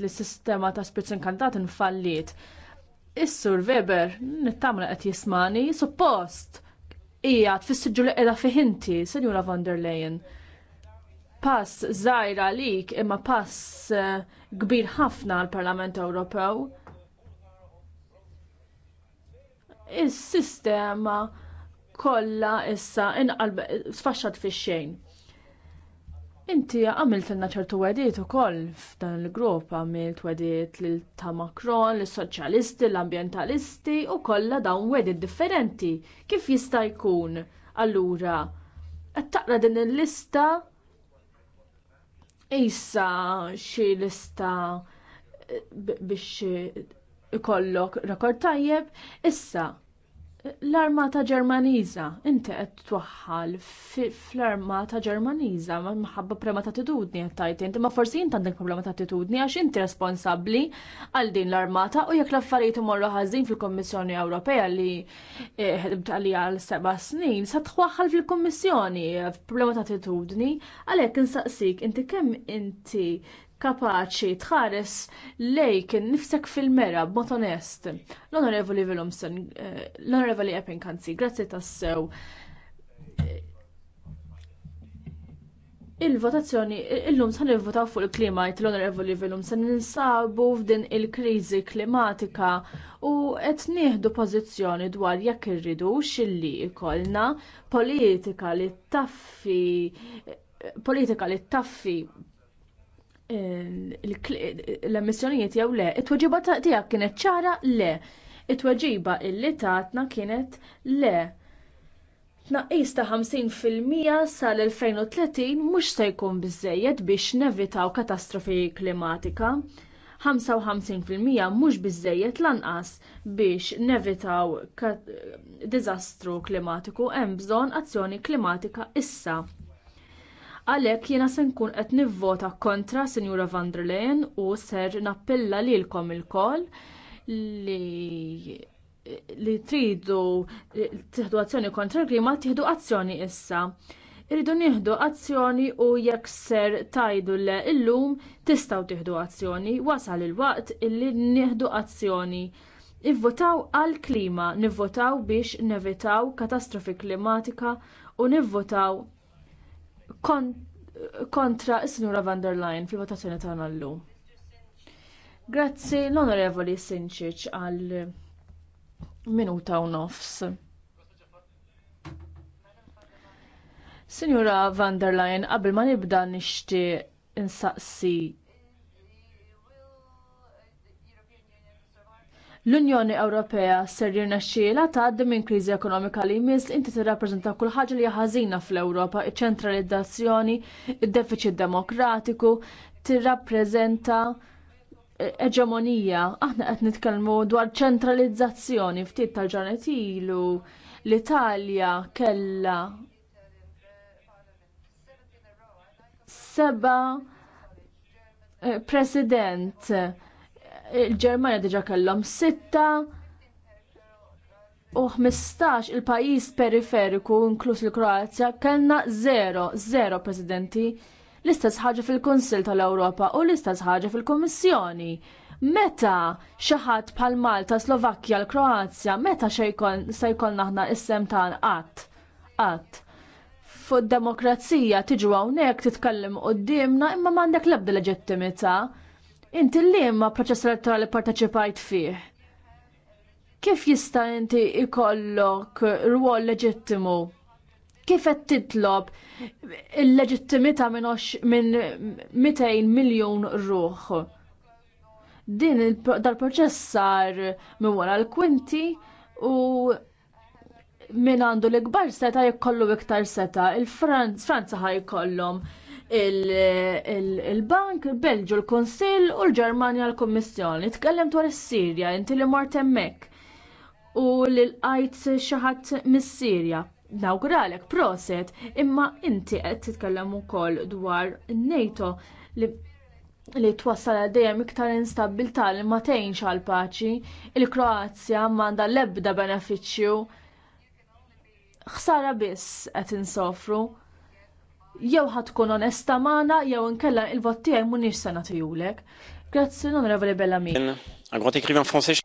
li s-sistema ta' spirz inkantat infalliet. Is-sur Weber, nittamla qed jismani, suppost, hija tfissiġu li qiegħda fiħinti, inti, Senjura von der Leyen. Pass żgħir għalik imma pass eh, kbir ħafna għall parlament Ewropew. Is-sistema kollha issa inqalb sfaxxat fix-xejn. Inti għamiltilna ċertu u ukoll f'dan il-grupp għamilt wedit lil ta' Macron, lis soċjalisti l-ambientalisti u kollha dawn wedit differenti. Kif jista' jkun? Allura, qed taqra din il-lista issa xi lista eh, biex ikollok rekord tajjeb, issa l-armata ġermaniża inti qed twaħħal fl-armata ġermaniża minħabba problema ta' titudni qed tajt inti ma forsi int għandek problema ta' titudni, għax inti responsabbli għal din l-armata u jekk l-affarijiet imorru ħażin fil-Kommissjoni Ewropea li eh, ħedimt għalija għal seba' snin se twaħħal fil-Kummissjoni eh, problema ta' attitudni għalhekk insaqsik inti kemm inti kapaċi tħares lejk nifsek fil-mera b'mod onest. L-Onorevoli Willumsen, eh, l-Onorevoli Epping kanzi, grazzi tassew. Il-votazzjoni, illum san nivvotaw fuq il-klima jt l-onorevoli vilum san ninsabu f'din il-krizi klimatika u qed nieħdu pożizzjoni dwar jekk irridu xilli jkollna politika li taffi politika li taffi l-emissjonijiet jew le, it-tweġiba tiegħek kienet ċara le. It-tweġiba illi tatna kienet le. Tnaqqis ta' 50% sal-2030 mhux se jkun biżżejjed biex nevitaw katastrofi klimatika. 55% mhux biżżejjed lanqas biex nevitaw diżastru klimatiku hemm bżonn azzjoni klimatika issa. Għalhekk jiena se nkun qed nivvota kontra Sinjura van der Leyen u ser nappella lilkom ilkoll li li tridu tieħdu azzjoni kontra l-klima tieħdu azzjoni issa. Irridu nieħdu azzjoni u jekk ser tajdu le illum tistgħu tieħdu azzjoni wasal il-waqt illi nieħdu azzjoni. Nivvotaw għal klima, nivvotaw biex nevitaw katastrofi klimatika u nivvotaw kontra is-Sinjura van der Leyen fil-votazzjoni tagħna llum. Grazzi l-Onorevoli Sinċiċ għal minuta u nofs. Sinjura van der Leyen, qabel ma nibda nixtieq insaqsi L-Unjoni Ewropea ser jirnexxiela tgħaddi minn kriżi ekonomika li jmiss li inti tirrappreżenta kull ħaġa li ħażina fl-Ewropa, iċ-ċentralizzazzjoni, id-defiċit demokratiku, tirrappreżenta e, eġemonija. Aħna qed nitkellmu dwar ċentralizzazzjoni ftit tal-ġranet ilu l-Italja kellha seba' eh, president il-Ġermanja diġa kellhom sitta u 15 il-pajjiż periferiku inkluż il-Kroazja kellna 0, 0 presidenti. L-istess ħaġa fil kunsil tal-Ewropa u l-istess ħaġa fil-Kummissjoni. Meta xi ħadd bħal Malta, Slovakkja, l-Kroazja, meta se jkollna aħna issem ta' qatt. Qatt fuq demokrazija tiġu hawnhekk titkellem qudiemna imma m'għandek l-ebda leġittimità. Inti li ma proċess elettorali parteċipajt fih? Kif jista' inti ikollok ruol leġittimu? Kif qed titlob il-leġittimità minn 200 miljun ruħ? Din dal-proċess sar minn wara l-kwinti u min għandu l-ikbar seta jkollu iktar seta, il-Franza ħaj kollom il-Bank, il-Belġu, l-Konsil u l-Ġermanja l-Kommissjoni. Tkellem dwar is-Sirja, inti li mort hemmhekk u li l-qajt xi ħadd mis-Sirja. Nawguralek proset, imma inti qed titkellem ukoll dwar NATO li li twassal dejjem iktar instabilità li ma tgħinx għal paċi, il-Kroazja m'għandha l-ebda benefiċċju ħsara biss qed insofru jew tkun onesta magħna jew inkella il-vot tiegħi mhumiex se nagħtihulek. Grazzi Non. onorevoli Bellamy. Un grand écrivain français.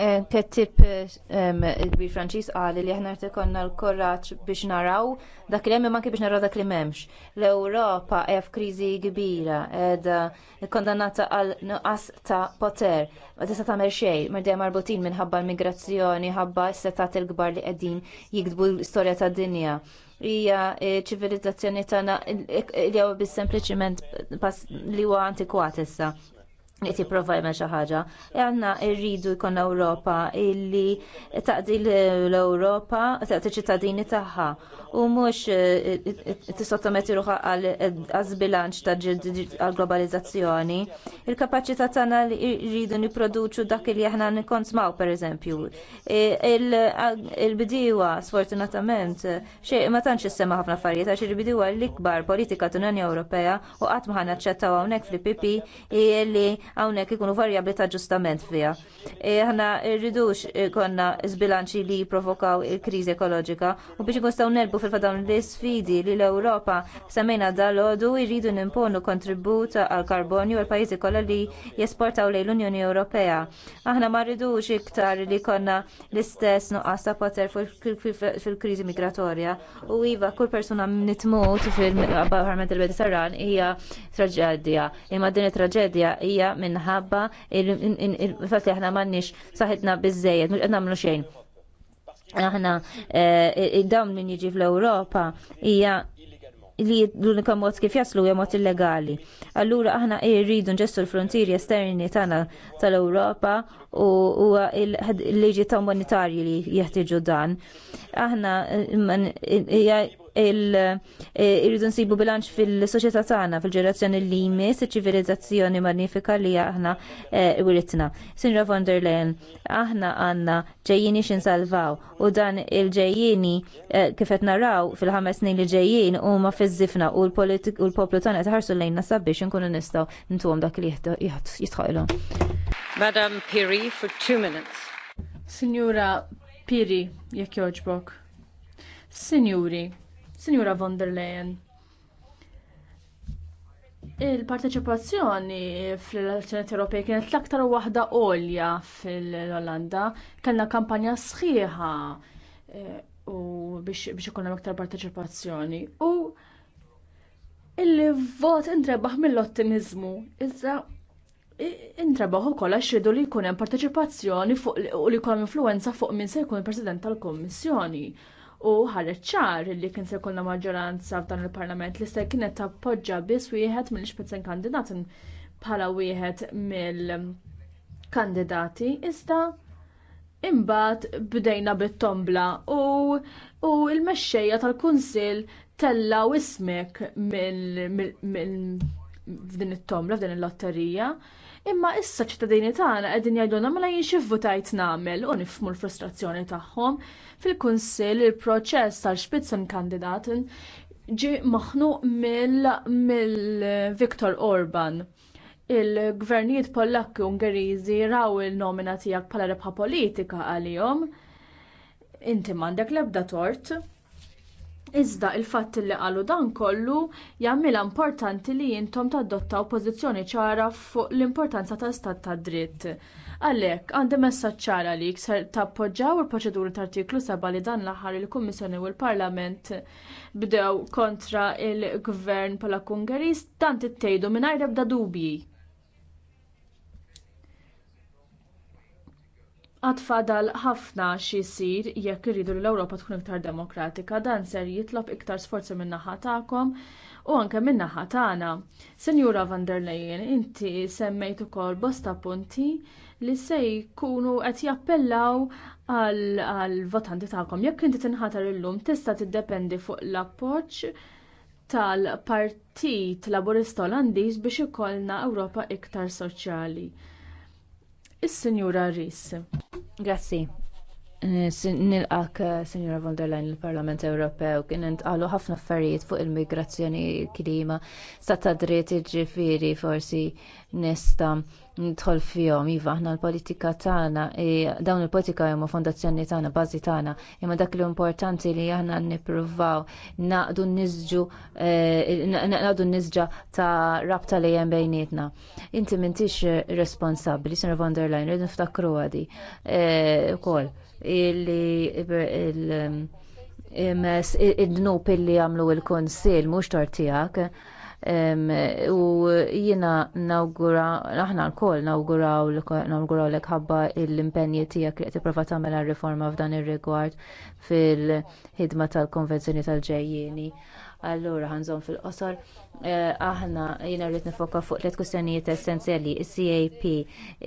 Kettib eh, tip bi Franċis għali li ħna konna l-korraċ biex naraw dak li hemm anke biex naraw dak li m'hemmx. L-Ewropa hija f'kriżi kbira qiegħda kondannata għal nuqas ta' poter. Ma tista' tagħmel xejn merdej marbutin minħabba l-migrazzjoni, ħabba s-setat il-kbar li qegħdin jikdbu l-istorja tad-dinja. Hija eh, ċivilizzazzjoni tagħna eh, li huwa bis-sempliċiment pass li huwa antikwat issa li ti jemel xi ħaġa. E Għanna rridu jkun Ewropa illi taqdi l-Ewropa taqdi ċittadini tagħha u mhux e, e, tissottometti ruħha għal azbilanċ ta' għal globalizzazzjoni. Il-kapaċità tagħna li irridu nipproduċu dak li aħna nikkonsmaw pereżempju. il bidiwa sfortunatament xie ma tantx sema ħafna affarijiet għax il bidiwa l-ikbar politika t unjoni Ewropea u qatt ma ħanaċċettaw hawnhekk fl-PP li hawnhekk ikunu varjabbli ta' ġustament fiha. E, aħna rridux konna zbilanċi li jipprovokaw il-kriżi ekoloġika u biex nistgħu nelbu fil dawn l-isfidi li l-Ewropa samena dal-għodu jridu nimponu kontribut għal karbonju għal pajjiżi kollha li jesportaw lejn l-Unjoni Ewropea. Aħna ma rridux iktar li konna l-istess nuqqas ta' poter fil-kriżi migratorja u iva kull persuna nitmut fil il Mediterran hija traġedja imma din it-traġedja hija minħabba il-fatti aħna m'għandniex saħitna biżejjed, mhux qed nagħmlu xejn. Aħna eh, dawn min jiġi fl-Ewropa hija li l-unika mod kif jaslu hija mod illegali. Allura aħna irridu nġessu l-frontieri esterni tagħna tal-Ewropa u huwa l-liġi ta' umanitarji li jeħtieġu dan. Aħna eh, E, irridu nsibu bilanċ fil-soċjetà tagħna fil-ġerazzjoni li jmiss iċ-ċivilizzazzjoni magnifika li aħna e, wiritna. Sinra von der Leyen, aħna għandna ġejjini salvaw u dan il-ġejjini e, kif qed naraw fil-ħames snin li ġejjin huma ma fizzifna u l-poplu tagħna tħarsu lejna sabiex inkunu nistgħu ntuhom dak li jitħaqilhom. Madam Piri for two minutes. Signora Piri, jekk joġbok. Signori, Sinjura von der Leyen. Il-parteċipazzjoni fl elezzjoni Ewropej kienet l-aktar waħda għolja fil-Olanda, kellna kampanja sħiħa eh, u biex hemm iktar parteċipazzjoni. U il-vot intrebaħ mill-ottimizmu, iżda intrebaħ ukoll għax jridu li jkun hemm parteċipazzjoni u li jkun influwenza fuq min se jkun il-President tal-Kummissjoni u ħareġ ċar li kien se jkollna maġġoranza f'dan il-Parlament li se kienet tappoġġa biss wieħed mill-ixpezzen kandidat bħala wieħed mill-kandidati iżda imbagħad bdejna bit-tombla u u l-mexxejja tal-Kunsill tellgħu ismek mill f'din it tombla f'din il-lotterija Imma issa ċittadini tagħna qegħdin jgħidulna mela jien xi votajt nagħmel u nifhmu l-frustrazzjoni tagħhom. Fil-Kunsill il-proċess tal-Spitzen kandidat ġi maħnuq mill-Viktor mil Orban il-gvernijiet Pollakki Ungeriżi raw il-nomina tiegħek bħala rebħa politika għalihom. Inti m'għandek l-ebda tort. Iżda il-fatt li qalu dan kollu jagħmilha importanti li intom tadottaw pożizzjoni ċara fuq l-importanza ta' stat ta' dritt. Għalhekk għandi messaġġ ċara li ser tappoġġjaw il-proċeduri ta' artiklu 7 li dan l-aħħar il-Kummissjoni u l-Parlament bdew kontra l gvern Polak Ungerist dan tittejdu mingħajr ebda dubji. għad fadal ħafna xi jsir jekk irridu li l-Ewropa tkun iktar demokratika dan ser jitlob iktar sforzi min-naħa tagħkom u anke min-naħa tagħna. Sinjura van der Leyen, inti semmejt ukoll bosta punti li se jkunu qed jappellaw għall votanti tagħkom. Jekk inti tinħatar illum tista' tiddependi fuq l-appoġġ tal-Partit Laburista Olandiż biex ikollna Ewropa iktar soċjali is-Sinjura Ris. Grazzi. Nilqak, eh, Signora von der Leyen, il-Parlament Ewropew, kien intqalu ħafna affarijiet fuq il-migrazzjoni, il-klima, sa ta' dritt ġifiri forsi nista ntħol fihom. Iva, aħna l-politika tagħna, e, dawn il-politika huma fondazzjoni tagħna, bażi tagħna, imma dak li importanti li aħna nippruvaw naqdu niżġu e, naqdu niżġa ta' rabta li hemm bejnietna. Inti m'intix responsabbli, Signora von der Leyen, niftakru għadi ukoll e, il-dnub illi għamlu il-konsil mux tortijak u jina nawgura, naħna l-koll nawguraw l-ek ħabba l-impenji tijak li t-prova tamela reforma f'dan il-rigward fil-ħidma tal-konvenzjoni tal-ġejjini allura ħanżon fil-qosor. Eh, aħna jiena rrid nifoka fuq tliet kwistjonijiet essenzjali, is-CAP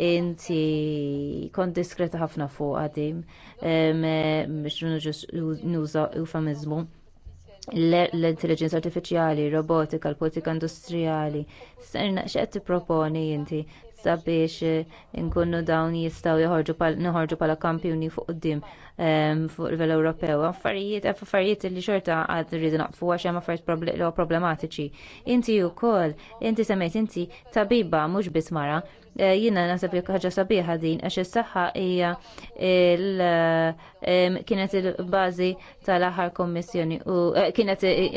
inti kont diskreta ħafna fuq għadim eh, biex nuża eufemizmu l-intelligenza artifiċjali, robotika, l-politika industrijali. Serna, xed tipproponi inti sabiex eh, inkunu dawn jistgħu joħorġu bħala kampjuni fuq quddiem ehm, fuq livell Ewropew. Affarijiet affarijiet li xorta għad rridu naqfu għax hemm affarijiet problematiċi. Inti wkoll, inti semmejt inti tabiba mhux biss mara, Eh, jina nasab jekk ħaġa sabiħa din għax is-saħħa hija kienet il-bażi tal-aħħar kommissjoni u eh, kienet eh,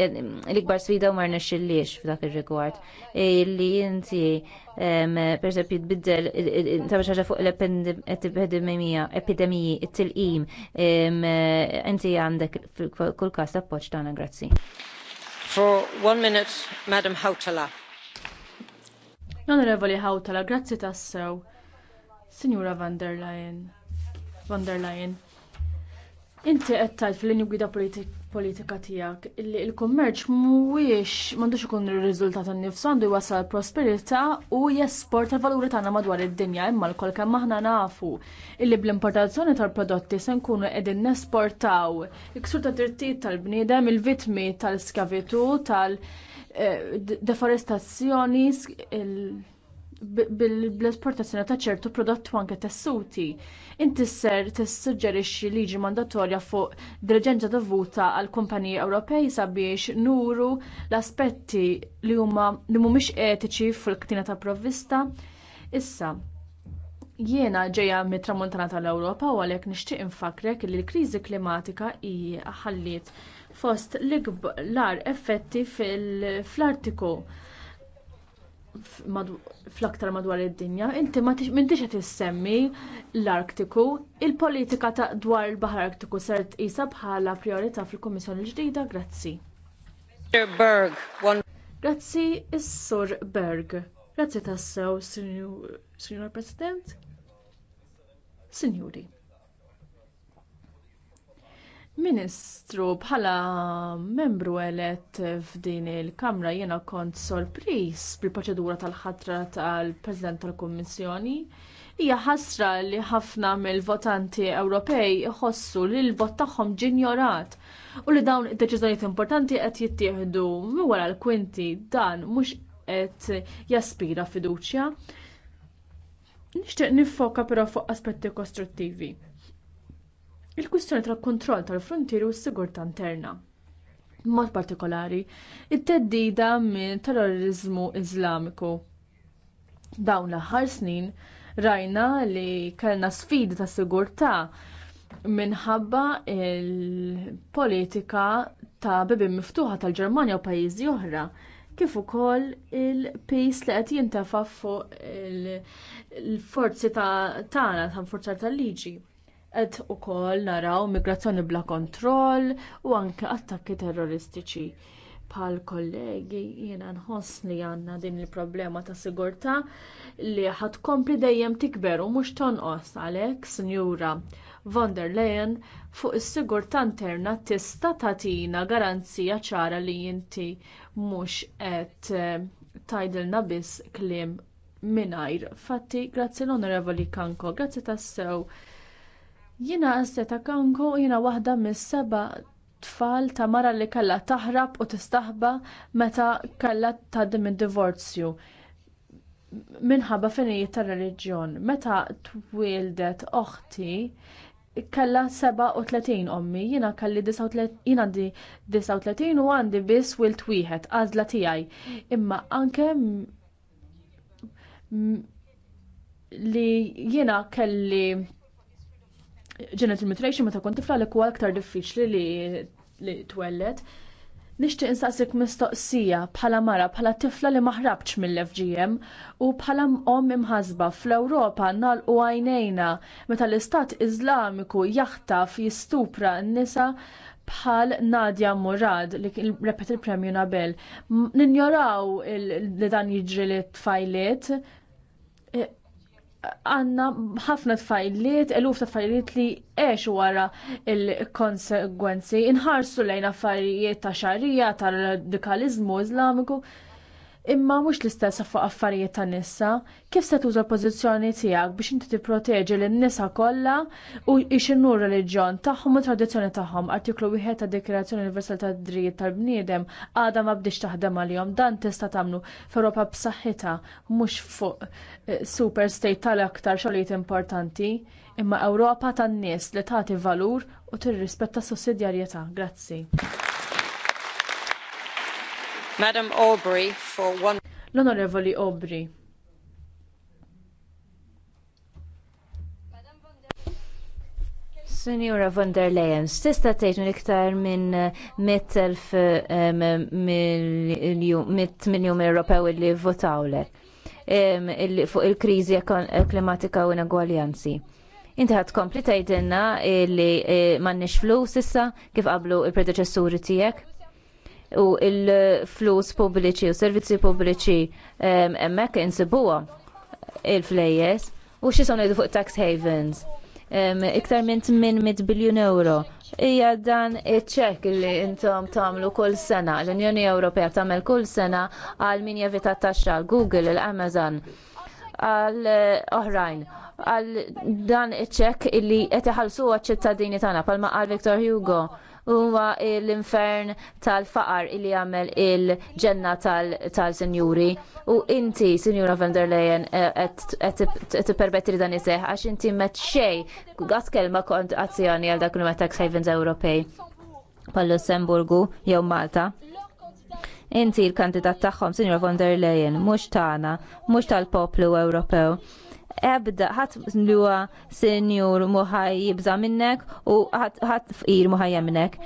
l-ikbar sfida u ma rnexxilliex f'dak ir-rigward. Li inti pereżempju tbiddel ta' ħaġa fuq l-epidemija, epidemiji, it-tilqim, inti għandek kull każ appoġġ tagħna grazzi. For one minute, Madam Hautala. L-Onorevoli Hawtala, grazzi tassew. Signora van der Leyen. Van der Leyen. Inti qed tajt fil-linju gwida politika tiegħek li l-kummerċ mhuwiex m'għandux ikun ir-riżultat innifsu għandu jwassal prosperità u jesporta il valuri tagħna madwar id-dinja imma l-kol kemm aħna nafu illi bl-importazzjoni tal-prodotti se nkunu qegħdin nesportaw iksur ta' drittijiet tal-bniedem, il-vitmi tal-skavitu, tal-, -skavitu, tal Eh, deforestazzjoni bil-esportazzjoni ta' ċertu prodotti anke tessuti. Inti ser tissuġġerixxi liġi mandatorja fuq diligenza dovuta għal kumpaniji Ewropej sabiex nuru l-aspetti li huma li mhumiex etiċi fil-ktina ta' provvista. Issa, jiena ġejja mit-tramuntana tal-Ewropa u għalhekk nixtieq infakrek li l-kriżi klimatika hi ħalliet fost l-ikbar effetti fl-Artiku fl-aktar madwar id-dinja, inti ma m'intix qed issemmi l-Artiku, il-politika ta' dwar il-Baħar Artiku ser tqisha bħala priorità fil-Kummissjoni l-ġdida, grazzi. Grazzi is-Sur Berg. Grazzi tassew, Sinjur President. Sinjuri. Ministru, bħala membru elett f'din il-Kamra jiena kont sorpriż bil-proċedura tal-ħatra tal-President tal-Kummissjoni. Hija ħasra li ħafna mill-votanti Ewropej iħossu li l-vot tagħhom ġinjorat u li dawn id-deċiżjonijiet importanti qed jittieħdu minn wara l-kwinti dan mhux qed jaspira fiduċja. Nixtieq niffoka però fuq aspetti kostruttivi il-kwistjoni tal-kontroll tal-frontier u s-sigurtà interna. Mod partikolari, it-teddida minn terrorizmu Iżlamiku. Dawn l-aħħar snin rajna li kellna sfidi ta' sigurtà minħabba l politika ta' bibin miftuħa tal-Ġermanja u pajjiżi oħra kif ukoll il-pace li qed jintefa' fuq il-forzi tagħna ta' forzar tal-liġi. Ta qed ukoll naraw migrazzjoni bla kontroll u anke attakki terroristiċi. Bħal kollegi jiena nħoss li għandna din il-problema ta' sigurtà li ħadd kompli dejjem tikber u mhux tonqos għalhekk Sinjura von der Leyen fuq is sigurta interna tista' tagħtina garanzija ċara li inti mhux qed eh, tgħidilna biss kliem mingħajr fatti grazzi l-Onorevoli Kanko, grazzi tassew. Jiena Seta Kanko jiena waħda mis-seba tfal ta' mara li kellha taħrab u tistaħba meta kellha tgħaddi mid divorzju minħabba finijiet tar-reliġjon. Meta twieldet oħti kalla 37 ommi, jiena kalli 39, jina għandi 39 u għandi biss wilt wieħed, għażla tiegħi. Imma anke li jiena kelli genital mutilation meta tifla li huwa aktar diffiċli li li twellet. Nixtieq instaqsik mistoqsija bħala mara bħala tifla li maħrabx mill-FGM u bħala om imħasba fl-Ewropa u għajnejna meta l-Istat Iżlamiku jaħtaf jistupra n-nisa bħal Nadja Murad li repet il-Premju Nobel. Ninjoraw li dan jiġri li tfajliet għanna ħafna tfajliet, eluf ta' tfajliet li eħx wara il-konsegwenzi, inħarsu lejn affarijiet ta' xarija, ta' radikalizmu islamiku, imma mhux l-istess fuq affarijiet tan nisa, kif se tuża l-pożizzjoni tiegħek biex inti tipproteġi lin-nisa kollha u jxinnu r-reliġjon tagħhom u tradizzjoni tagħhom. Artiklu wieħed tad Dikjarazzjoni Universal tad Drijiet tal-Bniedem għadha ma bdiex taħdem għalihom dan tista' tagħmlu f'Ewropa b'saħħitha mhux fuq eh, super state tal-aktar xogħlijiet importanti, imma Ewropa tan-nies li tagħti valur u tirrispetta s sussidjarjetà. Grazzi. Madam Aubrey for one. L-Onorevoli Aubrey. Sinjura von der Leyen, tista' tgħid iktar minn 100,000 miljum Ewropew li votawlek fuq il-kriżi klimatika u inegwaljanzi. Inti ħad tkompli tgħidilna li eh, m'għandniex flus issa kif qablu l predeċessuri tiegħek? u il-flus pubbliċi u servizzi pubbliċi hemmhekk insibuha il-flejjes u xie sonu fuq tax havens. Iktar minn 800 biljun euro. Ija dan iċ li intom tagħmlu kull sena, l-Unjoni Ewropea tagħmel kull sena għal min javita taxxa Google, l-Amazon, għal eh, oħrajn għal dan iċ li illi qed ċittadini tagħna palma qal Victor Hugo huwa l-infern tal-faqar illi jagħmel il-ġenna tal-sinjuri. U inti, Sinjura van der Leyen, qed eh, tippermetti li dan iseħ, għax inti met xej. għas kelma kont azzjoni għal dak li tax havens Ewropej pal-Lussemburgu jew Malta inti l-kandidat tagħhom, Sinjor von der Leyen, mhux tagħna, mhux tal-poplu Ewropew ebda ħat li huwa senjur muħaj jibża minnek u ħat fqir muħajja minnek.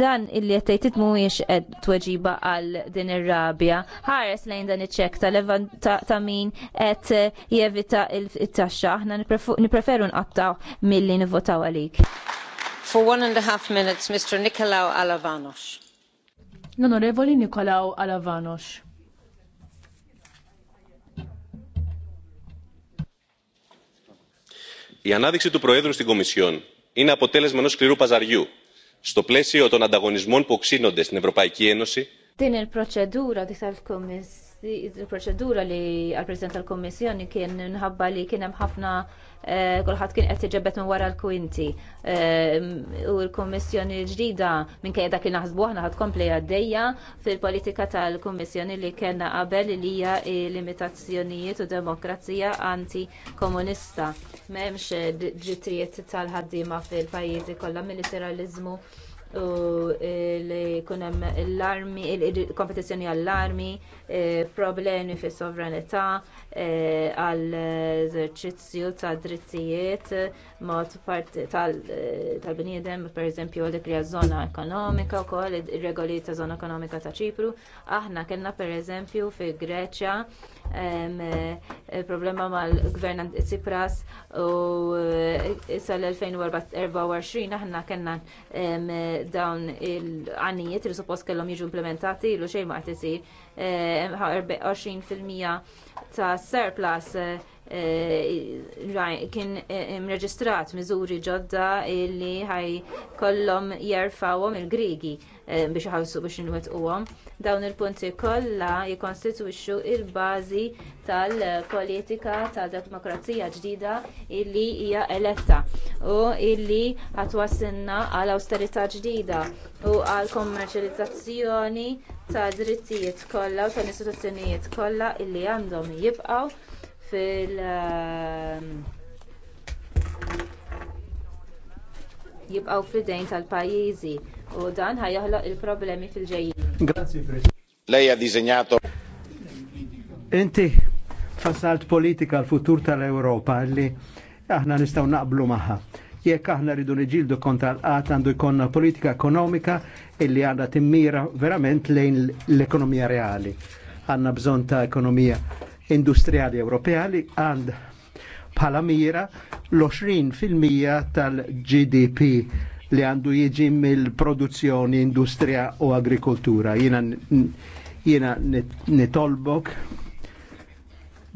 Dan illi qed mhuwiex qed tweġiba għal din ir-rabja. Ħares lejn dan ta' levan ta' min qed jevita il-taxxa. Aħna nipreferu nqattaw milli nivvotaw għalik. For one and a half minutes, Mr. Nikolaw Alavanos. L-Onorevoli Nikolaw Alavanos. η ανάδειξη του προέδρου στην κομισιόν είναι αποτέλεσμα ενό σκληρού παζαριού στο πλαίσιο των ανταγωνισμών που οξύνονται στην ευρωπαϊκή ένωση. την il-proċedura il-proċedura li għal-President tal-Kommissjoni kien nħabba li kien hemm ħafna eh, kulħadd kien qed iġebbet minn wara l-kwinti. Eh, u l-Kommissjoni ġdida minkejja dak li naħsbu aħna ħadd kompli għaddejja fil-politika tal-Kommissjoni li kellna qabel li hija limitazzjonijiet u demokrazija anti-komunista. M'hemmx drittijiet tal-ħaddiema fil-pajjiżi kollha mill-liberalizmu u li kunem l-armi, il-kompetizjoni għall-armi, e, problemi fis sovranità, e, għall-eżerċizzju ta' drittijiet mod parti tal-bniedem, pereżempju għalek li żona ekonomika wkoll ir-regoli ta' żona ekonomika ta' Ċipru. Aħna kellna pereżempju fi Greċja eh, problema mal-gvern Tsipras u issa eh, l-2024 aħna kellna eh, dawn il-għanijiet li suppost kellhom jiġu implementati ilu xejn ma 24 20% ta' surplus Eh, kien eh, mreġistrat miżuri ġodda li ħaj kollom jerfawom il-Grigi eh, biex ħawsu biex inwettquhom. Dawn il-punti kollha jikkonstitwixxu l-bażi tal-politika tad demokrazija ġdida illi hija eletta u illi ħatwassilna għal awsterità ġdida u għal kommerċjalizzazzjoni ta' drittijiet kollha u tal-istituzzjonijiet kollha illi għandhom jibqgħu fil- ehm, jibqaw fidejn tal-pajjiżi u dan ħajoħloq il-problemi fil-ġejjin. Grazzi Lei ha disegnato Inti fassalt politika l-futur tal europa li aħna nistaw naqblu magħha. Jekk aħna rridu niġildu kontra l-qat għandu jkollna politika ekonomika illi għandha timmira verament lejn l-ekonomija reali. Għandna bżonn ta' ekonomija industrijali Ewropea li għand bħala mira l-20% tal-GDP li għandu jiġi mill-produzzjoni, industrija u agrikoltura. Jina, jina nitolbok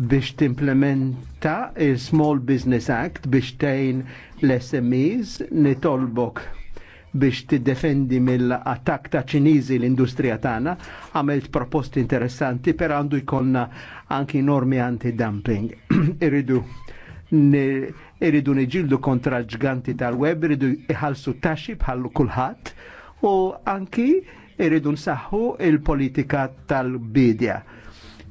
biex timplementa il-Small Business Act biex tejn l-SMEs, nitolbok biex t-defendi mill-attak ta' ċinizi l-industrija tana, għamilt proposti interessanti per għandu jkonna anki normi anti-dumping. Irridu irridu niġildu kontra ġganti tal-web, irridu iħalsu taxxi bħallu kulħadd u anki irridu nsaħħu il-politika tal-bidja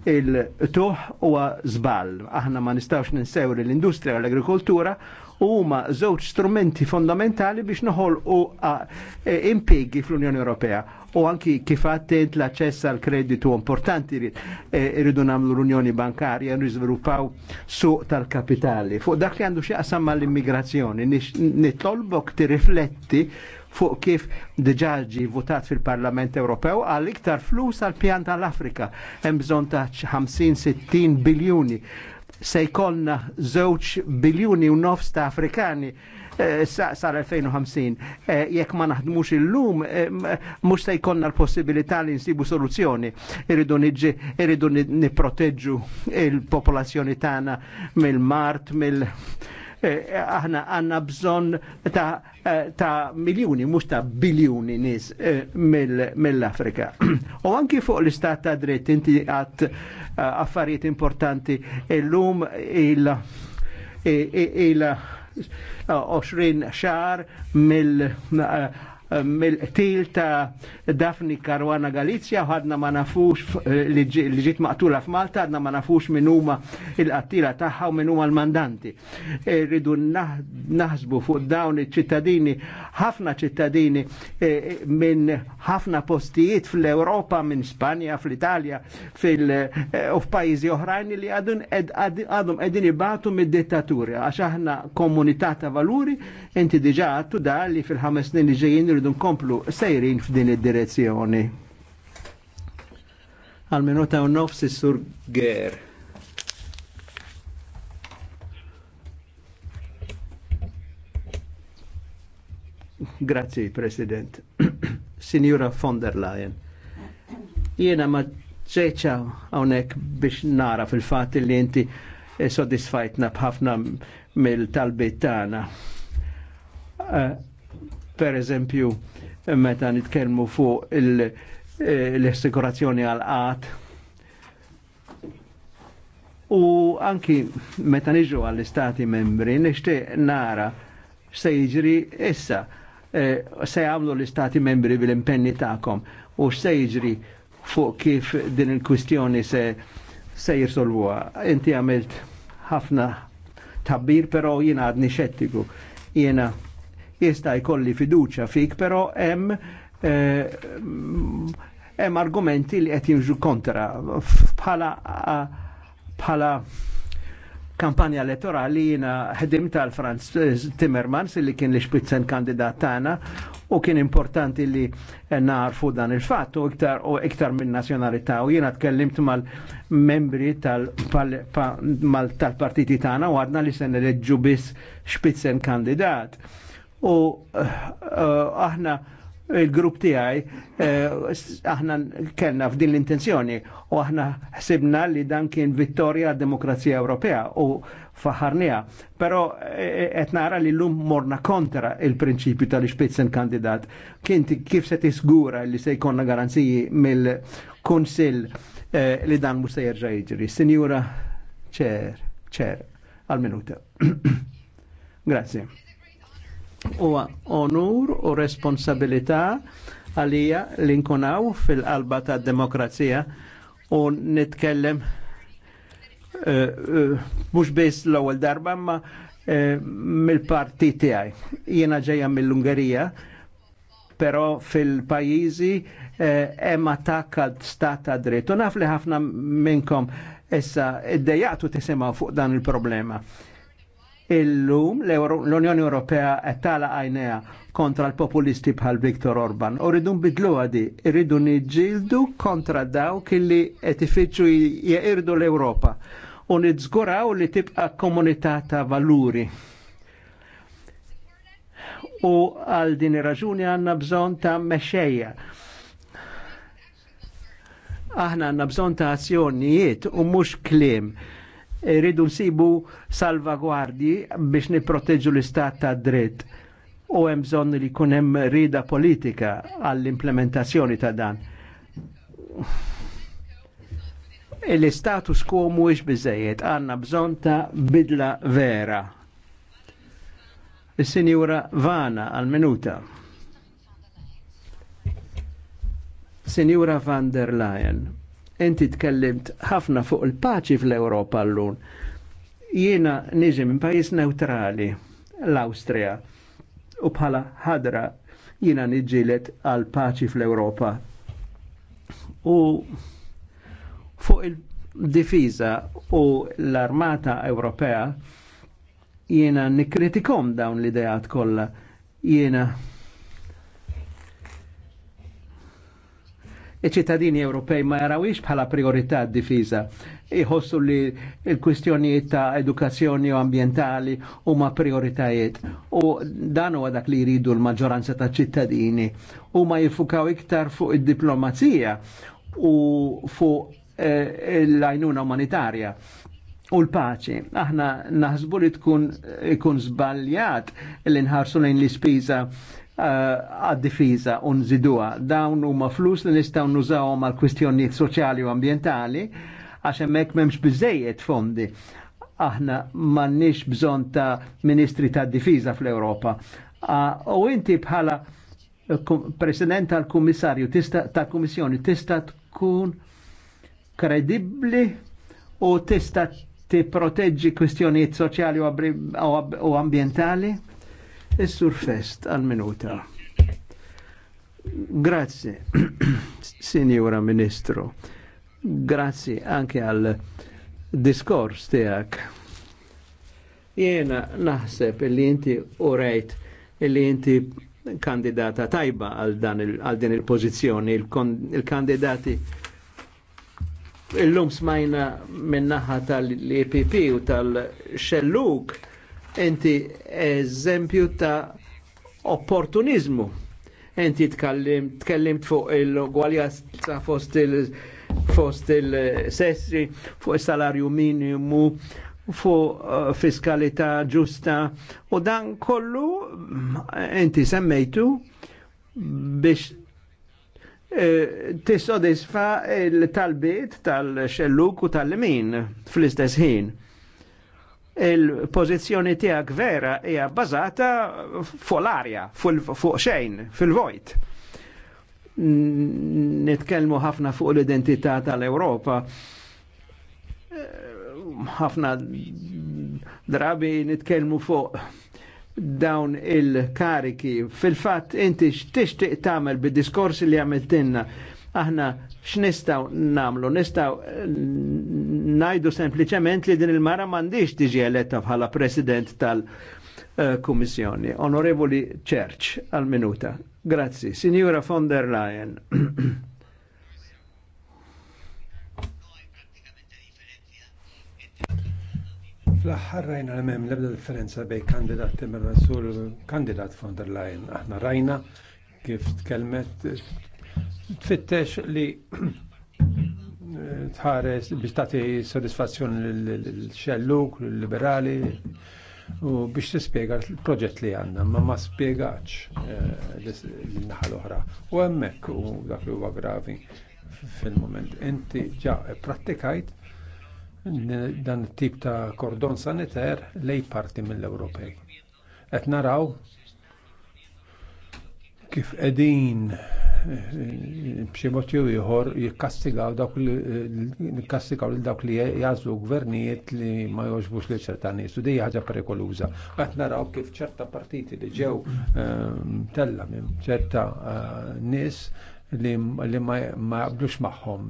il-tuħ u zbal. Aħna ma nistawx ninsew l-industrija l-agrikoltura huma żewġ strumenti fondamentali biex noħol u eh, impiegi fl-Unjoni Ewropea u anki kif għattent l-aċċess għal kreditu importanti eh, rridu nagħmlu l-Unjoni Bankarja nriżviluppaw suq tal-kapitali. Fuq dak li għandu xi qasam mal-immigrazzjoni, nitolbok tirrifletti fuq kif diġaġi votat fil-Parlament Ewropew għal iktar flus għal pjan tal-Afrika. Hemm bżonn ta' 50-60 biljuni. Se jkollna żewġ biljuni u nofs ta' Afrikani eh, sal-2050. Eh, jekk ma naħdmux il-lum, eh, mux se jkollna l-possibilità li nsibu soluzzjoni. Irridu niġi, iridu niproteġġu il-popolazzjoni tagħna mill-mart, mill-, -mart, mill Eh, aħna għanna bżon ta' eh, ta' miljoni, mux ta' biljoni nis eh, mill-Afrika. Mil U anki fuq l-istat ta' dritt, inti għat affarijiet importanti l-lum il- il- 20 xar mill Eh, mill til ta' Dafni Karwana Galizja, ħadna ma nafux eh, li ġiet maqtula f'Malta, ħadna ma nafux minnuma il-qattila taħħa u minnuma huma l-mandanti. Irridu eh, naħsbu fuq dawn iċ-ċittadini, ħafna ċittadini minn ħafna postijiet fl europa minn Spanja, fl-Italja, fil f'pajizi oħrajn li għadun għadhom għedin ibatu mid-dittatura għax aħna komunità ta' valuri, inti diġa għattu da li fil-ħames snin li rridu nkomplu sejrin f'din id-direzzjoni. Għal minuta u nofsi sur ger. Grazie, President. Signora von der Leyen. Jena ma ċeċa għonek biex nara fil-fat li inti soddisfajtna bħafna mill-talbit tagħna. Uh, per eżempju meta nitkellmu fuq eh, l-assikurazzjoni għal qat u anki meta niġu għall-istati membri nixtieq nara se jiġri issa eh, se jagħmlu l-istati membri bil-impenni tagħkom u se jiġri fuq kif din il-kwistjoni se se jirsolvuha. Inti għamilt ħafna tabbir, però jiena għadni xettiku. Jiena jista' jkolli fiduċa fik, però hemm eh, hemm argumenti li qed jinġu kontra bħala bħala kampanja elettorali jina ħedim tal-Franz Timmermans li kien li xpitzen kandidat tagħna u kien importanti li narfu dan il-fatt u iktar u iktar minn nazzjonalità u jiena tkellimt mal-membri tal-partiti tagħna u għadna li se neleġġu biss xpitzen kandidat u eh, eh, aħna il-grupp tiegħi eh, aħna kellna f'din l-intenzjoni u aħna ħsibna li dan kien vittorja demokrazija Ewropea u faħarnija. Però qed nara li llum morna kontra il-prinċipju tal-ispitzen kandidat. Kien kif se tisgura li se jkollna garanziji mill-Kunsill li dan mhux se jerġa' jiġri. Sinjura ċer, ċer, għal-minuta. Grazie u onur u responsabilità għalija li nkunaw fil-qalba ta' demokrazija u nitkellem eh, eh, mux biss l-ewwel darba ma eh, mill-parti tiegħi. Jiena ġejja mill-Ungerija, però fil-pajjiżi hemm attakk għal stat ta' dritt. U naf li ħafna minnkom issa iddejjaqtu tisimgħu fuq dan il-problema. Illum l-Unjoni Ewropea qed tala għajnejha kontra l-populisti bħal Viktor Orban. U rridu nbidlu għadi, rridu niġġieldu kontra dawk illi qed ifittxu jeqirdu l-Ewropa u niżguraw li tibqa' komunità ta' valuri. U għal din ir-raġuni għandna bżonn ta' mexejja. aħna għandna bżonn ta' azzjonijiet u mhux kliem rridu nsibu salvagwardji biex niproteġu l-istat ta' dritt u hemm bżonn li jkun hemm rida politika għall-implementazzjoni ta' dan. L-istatus quo mhuwiex biżejjed, għandna bżonn ta' bidla vera. Is-Sinjura Vana għal-minuta. Sinjura van der Leyen enti tkellimt ħafna fuq il-paċi fl-Ewropa l-lun. Jiena niġi minn pajis neutrali, l-Austria, u bħala ħadra jiena niġilet għal paċi fl-Ewropa. U fuq il-difiża u l-Armata Ewropea jiena nikkritikom dawn l-idejat kollha jiena iċ-ċittadini Ewropej ma jarawix bħala priorità d-difiża. Iħossu li l-kwistjonijiet ta' edukazzjoni u ambientali u ma' prioritajiet u dan huwa dak li jridu l-maġġoranza ta' ċittadini u ma jifukaw iktar fuq id-diplomazija u fuq eh, l-għajnuna umanitarja u l-paċi. Aħna naħsbu li tkun ikun zbaljat l-inħarsu lejn l-ispiża Eh, għad-difiża u nżiduha. Dawn huma flus li nistgħu nużawhom għal kwistjoni soċjali u ambjentali għax hemmhekk m'hemmx biżejjed fondi. Aħna m'għandniex bżonn ta' ministri ta' difiża fl europa ah, U inti bħala eh, President tal-Kummissarju tal-Kummissjoni tista' tkun kredibbli u tista' tipproteġġi kwistjonijiet soċjali u ambientali? il-surfest għal-minuta. Grazzi, Sinjura Ministru. Grazzi anche għal diskors tiegħek. Iena naħseb li inti urejt li inti kandidata tajba għal dan din il pozizjoni il-kandidati il-lum smajna minnaħa tal-EPP u tal-Xelluk Enti eżempju ta' opportunizmu. Enti tkellimt fuq il-gwaljanza fost il- fost il-sessi, fuq il-salarju minimu, fuq eh, fiskalità ġusta u dan kollu enti semmejtu biex eh, tissodisfa il-talbiet tal-xelluk u tal-min fl-istess ħin il-pozizjoni tiegħek vera hija bbażata fuq l-arja, fuq xejn, fil-vojt. Nitkellmu ħafna fuq l-identità tal-Ewropa. Ħafna drabi nitkellmu fuq dawn il-kariki. Fil-fatt inti x'tixtieq tagħmel bid-diskors li għamiltinna aħna x'nistgħu namlu? Nistgħu najdu sempliċement li din il-mara m'għandix tiġi eletta bħala president tal-Kummissjoni. Onorevoli Church, għal-minuta. Grazzi. Signora von der Leyen. Fl-aħħar rajna li m'hemm l-ebda differenza bejn kandidat Timmermans rasul kandidat von der Leyen. Aħna rajna kif kelmet tfittex li tħares biex tagħti soddisfazzjoni l-xelluk, l-liberali u biex tispjega l-proġett li għandna, ma ma spjegax eh, l-naħa l-oħra. U hemmhekk u dak li huwa gravi fil-moment. Inti ġa prattikajt dan tip ta' kordon sanitar lej parti mill-Ewropej. Qed naraw kif qegħdin b'xi mod ieħor jikkastigaw dawk nikkastigaw lil dawk li jażlu gvernijiet li ma jogħġbux li ċerta nies u dejja ħaġa perikoluża. Qed naraw kif ċerta partiti li ġew ehm, tella minn ċerta eh, nies li ma jaqblux magħhom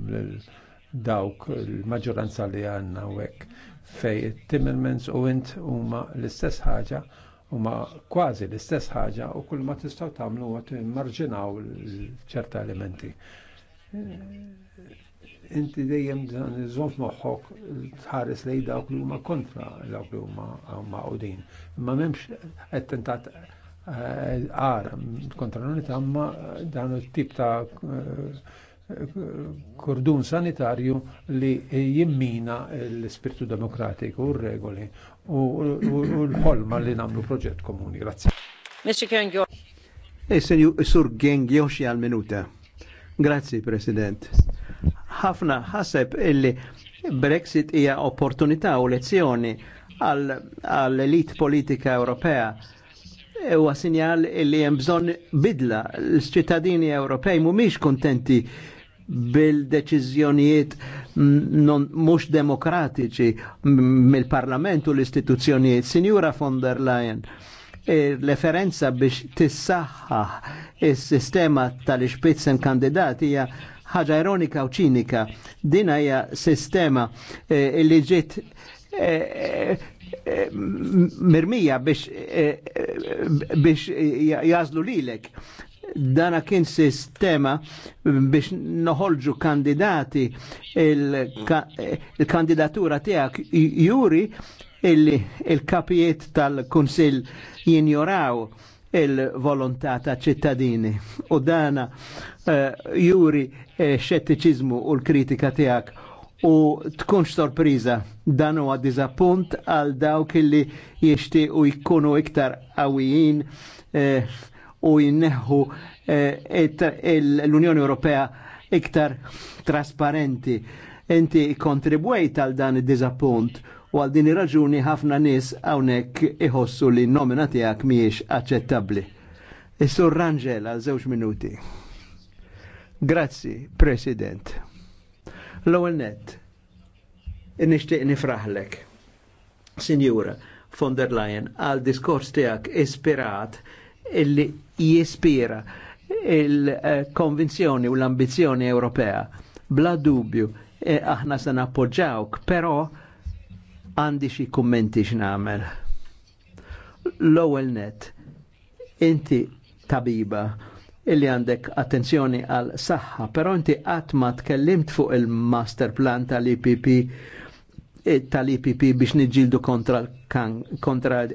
dawk il-maġġoranza li għandna hekk fej Timmermans u int huma l-istess ħaġa huma kważi l-istess ħaġa u kull ma tistgħu tagħmlu huwa timmarġinaw ċerta elementi. Inti dejjem żomm moħħok tħares lejn dawk li huma kontra dawk li huma maqudin. Ma m'hemmx attentat eh, għar kontra l-unità ma dan it-tip ta' eh, kordun sanitarju li jimmina l spirtu demokratiku u regoli u l-ħolma li namlu proġett komuni. Grazie. Mr. Kengjo. Sur Gengjo xie għal-minuta. Grazie, President. Ħafna ħaseb illi Brexit hija opportunità u lezzjoni għall-elit politika Ewropea huwa sinjal li hemm bżonn bidla. L-ċittadini Ewropej mhumiex kontenti bil-deċizjonijiet mux demokratiċi mill-Parlament u l-istituzzjonijiet. Sinjura von der Leyen, e, referenza biex tissaħħaħ il sistema tal-ixpitzen kandidati hija ħaġa ironika u ċinika. Din hija sistema eh, li ġiet e, e, mirmija biex jazlu lilek dana kien sistema biex noħolġu kandidati il-kandidatura il tijak juri il-kapijiet il kapijiet il tal kunsil jinjoraw il-volontà ta' ċittadini u dana uh, juri eh, xettiċizmu uh, u l-kritika tijak u tkun sorpriza dan huwa dizappunt għal dawk illi jixtiequ jkunu iktar għawijin eh, u jinneħu eh, l-Unjoni Ewropea iktar trasparenti. Inti kontribwejt għal dan id-dizappunt u għal din ir-raġuni ħafna nis hawnhekk iħossu li n-nomina tiegħek mhijiex aċċettabbli. Is-Sur Rangel għal żewġ minuti. Grazzi, President. L-ewwel net, nixtieq nifraħlek. Sinjura von der Leyen għal diskors tiegħek ispirat illi jispira il-konvinzjoni u l-ambizjoni Ewropea. Bla dubju, e, aħna se nappoġġawk, però għandi xi kummenti x'namel. L-ewwel net, inti tabiba illi għandek attenzjoni għal saħħa, però inti qatt ma tkellimt fuq il-master plan tal-IPP tal-IPP biex niġġieldu kontra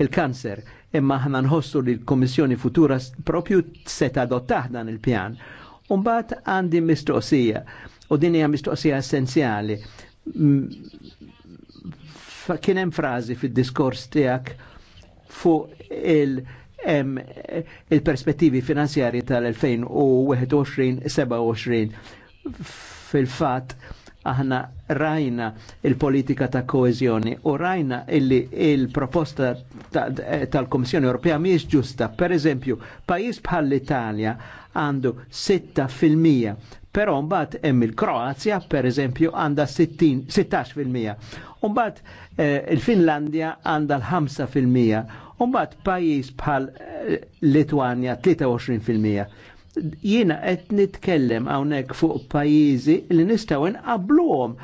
il-kanser. Imma aħna nħossu li l-Komissjoni Futura propju se tadottaħ dan il-pjan. Umbat għandi mistoqsija, u din hija mistoqsija essenzjali. Kien hemm frażi fid-diskors tiegħek fuq il- il-perspettivi finanzjari tal-2021-27 fil-fat aħna rajna il-politika ta' koezjoni u rajna illi il-proposta tal-Komissjoni ta Ewropea miex ġusta. Per eżempju, pajis bħal l-Italja għandu 6%, però mbagħad hemm il-Kroazja per eżempju għandha 16%. Mbagħad eh, il-Finlandja għandha l-5%. Mbagħad pajjiż bħal eh, Litwanja 23% jiena qed nitkellem hawnhekk fuq pajjiżi li nistgħu nqabluhom.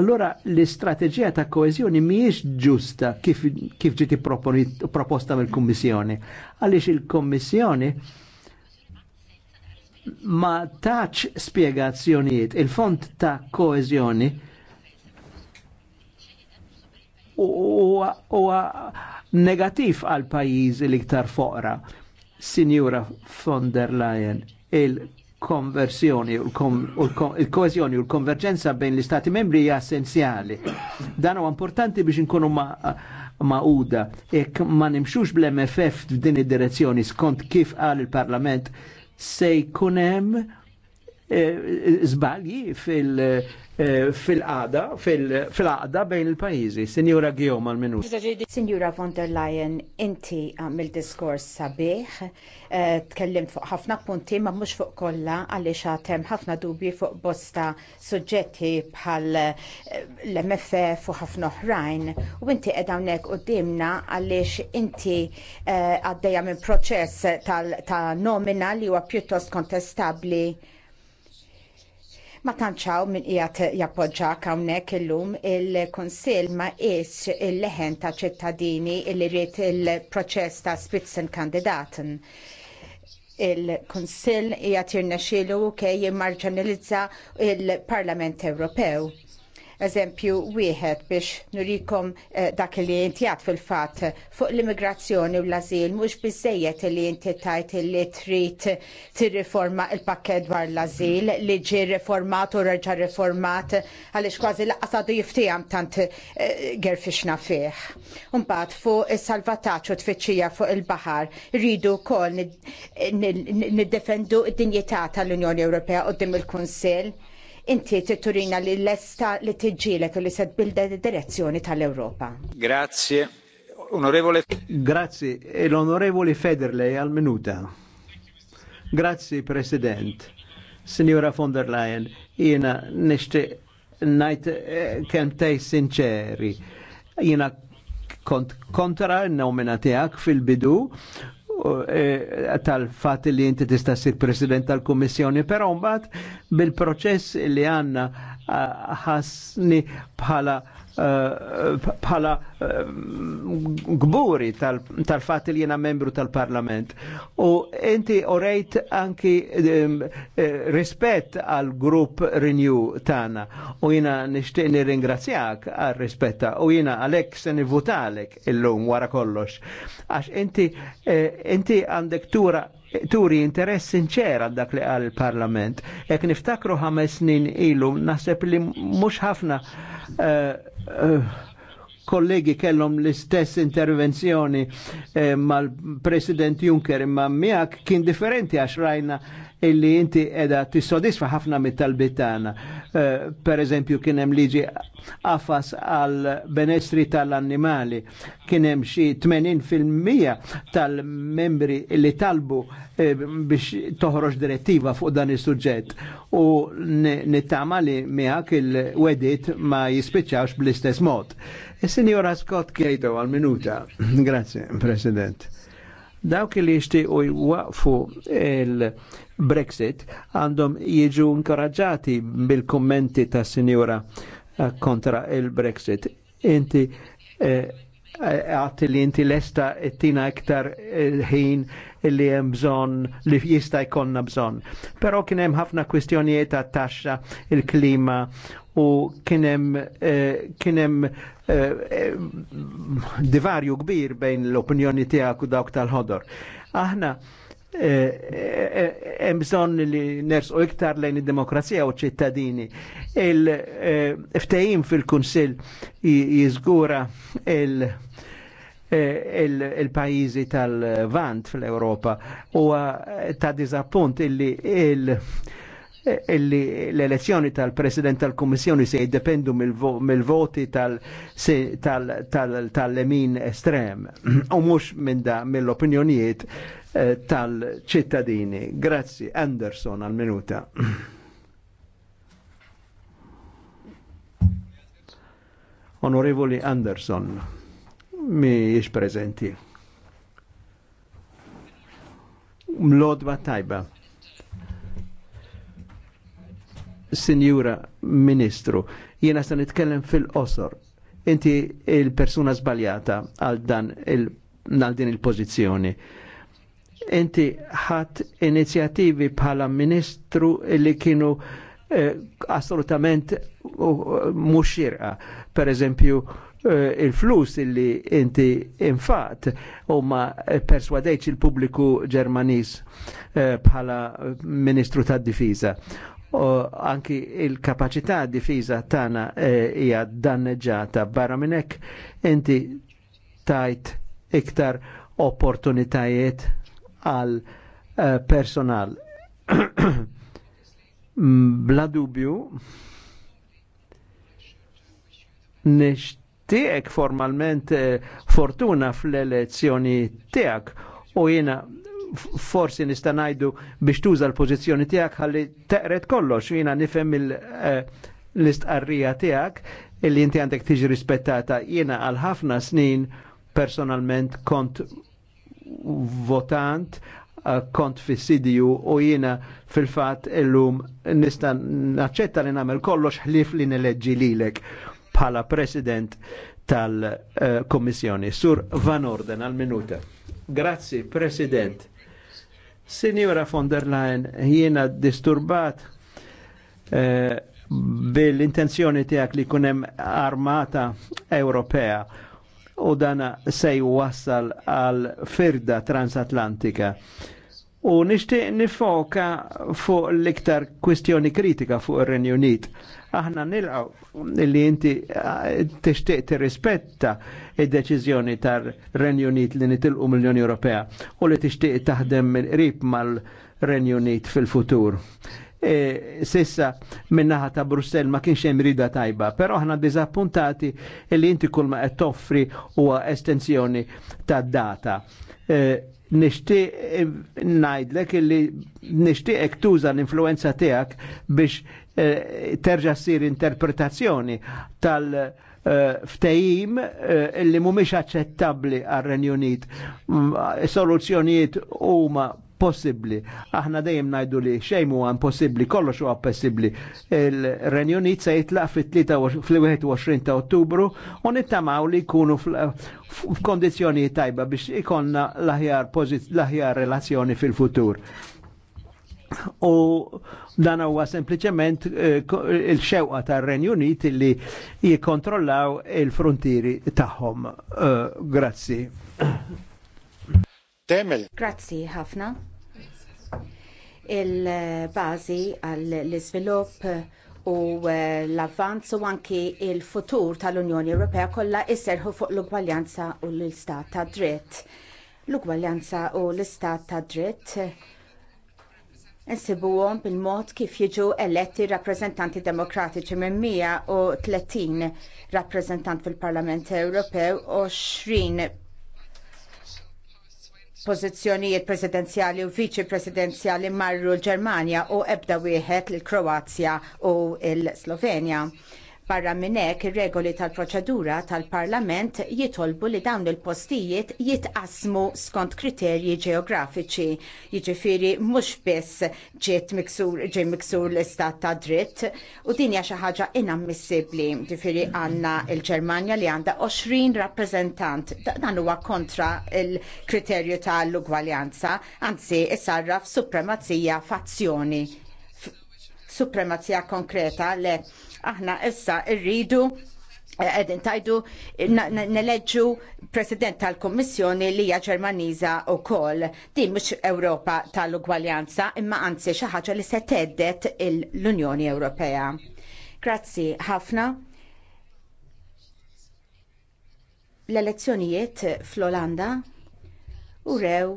Allora l-istrateġija ta' koeżjoni mhijiex ġusta kif, kif proposta mill-Kummissjoni. Għaliex il-Kummissjoni ma taċ spiegazzjonijiet. Il-font ta' koeżjoni huwa negativ għal pajjiżi l-iktar foqra. Sinjura von der Leyen, il-konversjoni u koezjoni u l-konverġenza bejn l-istati membri hija essenzjali. Dan huwa importanti biex inkunu maquda jekk ma nimxux bl-MFF f'din id-direzzjoni skont kif qal il-Parlament se jkun hemm żbalji eh, fil- Eh, fil-qada, fil-qada bejn il-pajizi. Sinjura Gjom għal-minu. Sinjura von der Leyen, inti għamil diskors sabiħ, eh, tkellimt fuq ħafna punti ma mux fuq kolla għalli xatem ħafna dubi fuq bosta suġġetti bħal eh, l-MFF u ħafna oħrajn. U inti edawnek u dimna għalli inti għaddeja minn proċess tal-nomina li huwa pjuttost kontestabli ma tantxaw min qiegħed jappoġġa hawnhekk illum il-Kunsill ma qis il-leħen ta' ċittadini li rrid il-proċess ta' kandidaten. Il-Kunsill qiegħed jirnexxielu kej jimmarġinalizza il-Parlament Ewropew eżempju wieħed biex nurikom eh, dak li jintijat fil-fat fuq l-immigrazzjoni u l-azil mux bizzejiet li inti tajt li trid tirriforma il-pakket dwar l-azil li ġi reformat u reġa reformat għalix kważi għadu jiftijam tant eh, gerfixna fih. Umbat fuq il-salvataċ u tfittxija fuq il-bahar rridu kol niddefendu id-dinjità tal-Unjoni Ewropea u il-Kunsil inti titturina li l-esta li tiġġielek u li se tbilda direzzjoni tal europa Grazie. Onorevole. Grazie. E l'onorevole Federley al minuta. Grazie, President. Signora von der Leyen, jena nishti najt eh, kem tej sinċeri. Jina kont kontra n nominatijak fil-bidu Eh, tal-fat li inti tista' sir President tal-Kummissjoni, però mbagħad bil-proċess li għandna eh, ħassni bħala eh, bħala Ehm, gburi tal-fat li jena membru tal-parlament. U inti orejt anki ehm, eh, rispet għal grupp Renew tana u jena nishtiq ringrazzjak għal rispetta u jena għalek se nivutalek il-lum wara kollox. Għax inti eh, inti għandek tura turi interess sinċera dak li għal parlament Ek niftakru ħames snin ilu, naħseb li mux ħafna uh, uh, kollegi kellhom l-istess intervenzjoni eh, mal-President Juncker imma miegħek kien differenti għax rajna illi inti edha tissodisfa ħafna mit-talbitana. Eh, per eżempju kien hemm liġi qafas għal benestri tal-annimali kien hemm xi 80% tal-membri li talbu eh, biex toħroġ direttiva fuq dan is-suġġett u nittama li miegħek il-wedit ma jispiċċawx bl-istess mod il signora Scott Cato għal-minuta. Grazie, President. Dawk li u jwaqfu il-Brexit għandhom jiġu inkoraġġati bil-kommenti ta' Signora eh, kontra il-Brexit. Inti eh, għatti li inti lesta tina iktar eh, ħin li hemm bżon li jista' jkollna bżon. Però kien hemm ħafna kwistjonijiet ta' taxxa, il-klima u kien hemm eh, Eh, eh, divarju kbir bejn l-opinjoni tijak u dawk tal-ħodor. Aħna eh, hemm bżonn li nersqu iktar lejn id-demokrazija u ċittadini. Il-ftehim fil-Kunsill jiżgura il- il-pajizi tal-vant fl-Europa u ta' dizappunt illi il- l-elezzjoni tal-President tal-Kommissjoni se jiddependu mill-voti tal-lemin estrem u mux minn da mill-opinjonijiet eh, tal-ċittadini. Grazzi, Anderson, għal-minuta. Onorevoli Anderson, mi jiex prezenti. Mlodba tajba Sinjura Ministru, jiena se nitkellem fil-qosor. Inti il-persuna żbaljata għal dan il għal din il pozizjoni Inti ħadd inizjattivi bħala Ministru li kienu eh, assolutament uh, mhux xirqa. Per eżempju, eh, il-flus li inti infat u ma perswadejċ il publiku ġermanis eh, bħala ministru tad difiża anki il-kapacità difiża tagħna eh, hija danneġġata barra minn hekk inti tajt iktar opportunitajiet għal eh, personal. Mm, bla dubju, nishtiqek formalment eh, fortuna fl-elezzjoni tiegħek u jiena forsi nista' ngħidu biex tuża l-pożizzjoni tiegħek ħalli teqret kollox jiena nifhem eh, l-istqarrija tiegħek illi inti għandek tiġi rispettata jiena għal ħafna snin personalment kont votant eh, kont fis sidju u jiena fil-fat illum nista naċċetta li nagħmel kollox ħlif li neleġġi lilek bħala president tal-Kommissjoni. Eh, Sur Van Orden għal minuta. Grazzi, President. Signora von der Leyen, jiena disturbat eh, bil-intenzjoni tijak li kunem armata Ewropea u dana sej wassal għal firda transatlantika u nixtieq nifoka fuq l-iktar kwistjoni kritika fuq ir-Renju Unit. Aħna nilqaw li inti eh, tixtieq tirrispetta id-deċiżjoni tar-Renju Unit li nitilqu mill-Unjoni Ewropea u li tixtieq taħdem il qrib mal-Renju Unit fil-futur. E, sissa minnaħa ta' Brussel ma kienx hemm rida tajba, però aħna diżappuntati li inti kull ma qed toffri huwa estensjoni tad data. E, nishtiq eh, najdlek illi nishtiqek tuża l-influenza tiegħek biex eh, terġa' ssir interpretazzjoni tal- eh, ftejim illi mhumiex aċċettabbli għar-Renju Unit. Mm, soluzzjonijiet huma possibbli. Aħna dejjem ngħidu li xejn huwa impossibbli, kollox huwa possibbli. Il-Renju Unit se jitlaq fil-21 ta' Ottubru u nittamaw li jkunu f'kondizzjoni tajba biex ikonna l-aħjar relazzjoni fil-futur. U dan huwa sempliċement eh, il-xewqa tar-Renju Unit li jikkontrollaw il-frontieri tagħhom. Eh, grazzi. Temel. Grazzi ħafna il-bażi għall-iżvilupp u eh, l-avvanz u anki l futur tal-Unjoni Ewropea kollha isserħu fuq l-ugwaljanza u l-istat ta' dritt. L-ugwaljanza u l-istat ta' dritt eh, Insibuhom bil-mod kif jiġu eletti rappreżentanti demokratiċi minn 130 rappreżentant fil-Parlament Ewropew u 20 pożizzjonijiet presidenzjali u viċi presidenzjali marru l-Ġermanja u ebda wieħed l-Kroazja u l-Slovenja. Barra minn hekk ir-regoli tal-proċedura tal-Parlament jitolbu li dawn il-postijiet jitqasmu skont kriterji ġeografiċi. Jiġifieri mhux biss ġiet miksur ġej miksur l-istat ta' dritt u din hija xi ħaġa inammissibbli. Jiġifieri għandna l-Ġermanja li għandha 20 rappreżentant. Dan huwa kontra l-kriterju tal-ugwaljanza, anzi issarra supremazija fazzjoni supremazija konkreta le Aħna issa rridu eh, għedin tajdu neleġġu president tal-Kommissjoni li hija Ġermaniża wkoll. Din mhux Ewropa tal-ugwaljanza imma anzi xi ħaġa li se teddet l-Unjoni Ewropea. Grazzi ħafna. L-elezzjonijiet fl-Olanda u rew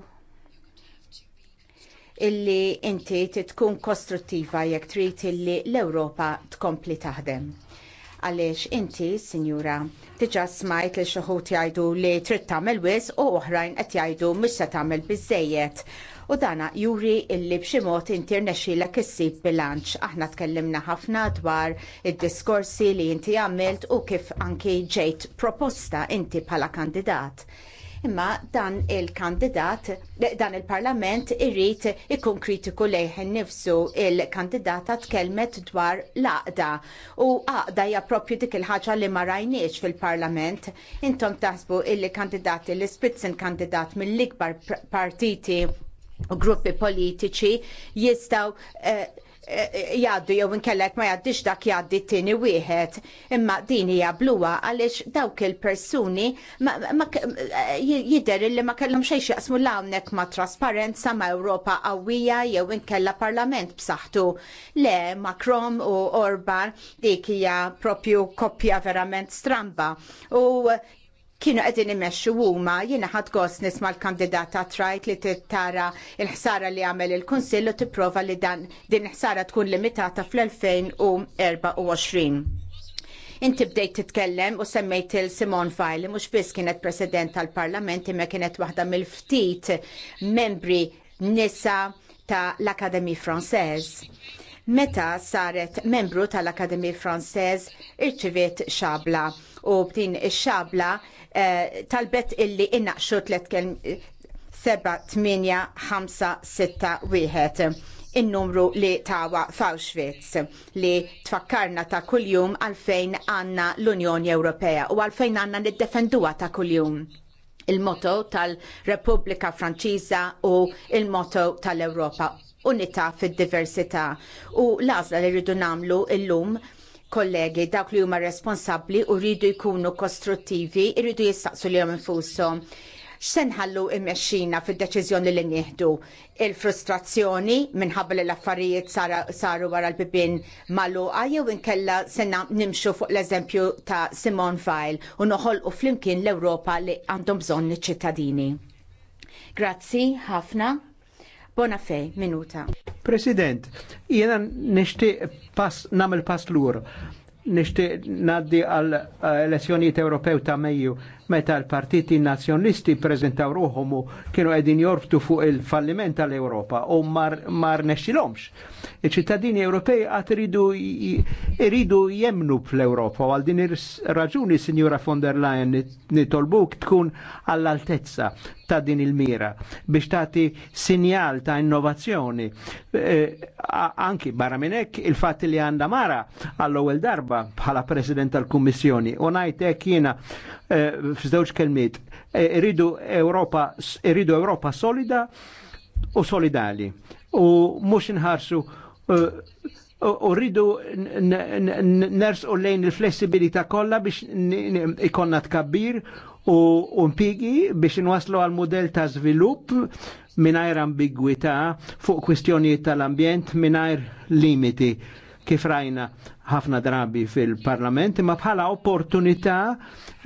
illi inti tkun kostruttiva jekk trid illi l-Ewropa tkompli taħdem. Għaliex inti, sinjura, diġà smajt li xoħut jgħidu li trid tagħmel wis u oħrajn qed jgħidu mhux se tagħmel biżżejjed u dana juri illi b'xi mod internexxilek issib bilanċ. Aħna tkellimna ħafna dwar id-diskorsi li inti għamilt u kif anki ġejt proposta inti bħala kandidat imma dan il-kandidat, dan il-parlament irrit ikun kritiku lejh nifsu il-kandidata tkellmet dwar l aqda U għaqda hija propju dik il-ħaġa li ma rajniex fil-parlament. Intom taħsbu il-kandidati li spitzen kandidat mill-ikbar partiti u gruppi politiċi jistaw eh, Eh, Jaddu jew inkellek ma jgħaddix dak jaddi t-tieni wieħed. Imma din hija bluwa għaliex dawk il-persuni eh, jidher li ma kellhom xejn jaqsmu l hawnhekk ma' trasparenza ma' Ewropa qawwija jew inkella parlament b'saħħtu. Le Macron u Orban dik hija propju koppja verament stramba. U kienu qegħdin u huma jiena ħad gost nisma' l-kandidata trajt li t-tara l-ħsara li għamel il-Kunsill u tipprova li dan din ħsara tkun limitata fl-2024. Inti bdejt titkellem u semmejt il-Simon Fajli, mux biss kienet president tal-parlament, imma kienet waħda mill-ftit membri nisa ta' l-Akademi Fransez. Meta saret membru tal-Akademi Fransez irċivit xabla u b'din ix-xabla Eh, talbet illi innaqxu tlet kelm 7, 8, 5, 6, 1 il numru li tawa Fawxwitz li tfakkarna ta' kuljum għalfejn għanna l-Unjoni Ewropea u għalfejn għanna nid-defenduwa ta' kuljum il-motto tal-Repubblika Franċiża u il-motto tal europa unita fid-diversità u l li rridu namlu illum lum kollegi dawk li huma responsabbli u rridu jkunu kostruttivi, rridu jistaqsu li infushom. ħallu mmexxina fid-deċiżjoni li nieħdu il-frustrazzjoni minħabba li l-affarijiet saru wara l-bibin magħluqa jew inkella se nimxu fuq l-eżempju ta' Simon Weil u noħolqu flimkien l-Ewropa li għandhom bżonn iċ-ċittadini. Grazzi ħafna. Bonafej, minuta. President, jena nishtiq pass, namel pass l-ur nishti naddi għal eh, elezzjoniet Ewropew ta' Mejju meta l-partiti nazjonisti prezentaw ruħom u kienu għedin jorftu fuq il-falliment tal-Europa u mar, mar nexxilomx. Il-ċittadini Ewropej għat iridu jemnu fl-Europa u għaldin din raġuni, Signora von der Leyen, nitolbuk tkun għall-altezza ta' din il-mira biex tati sinjal ta' innovazzjoni. Eh, anki barra minnek il-fat li għanda mara għall-ewwel darba bħala President tal-Kummissjoni u najtek jiena Eh, f'żewġ kelmiet. Eh, iridu Ewropa, iridu Ewropa solida u solidali. U mhux inħarsu eh, u rridu ners u lejn il-flessibilità kollha biex ikonna tkabbir u mpigi biex inwaslu għal modell ta' svilupp mingħajr ambigwità fuq kwistjonijiet tal-ambjent mingħajr limiti kif rajna ħafna drabi fil-parlament, ma bħala opportunità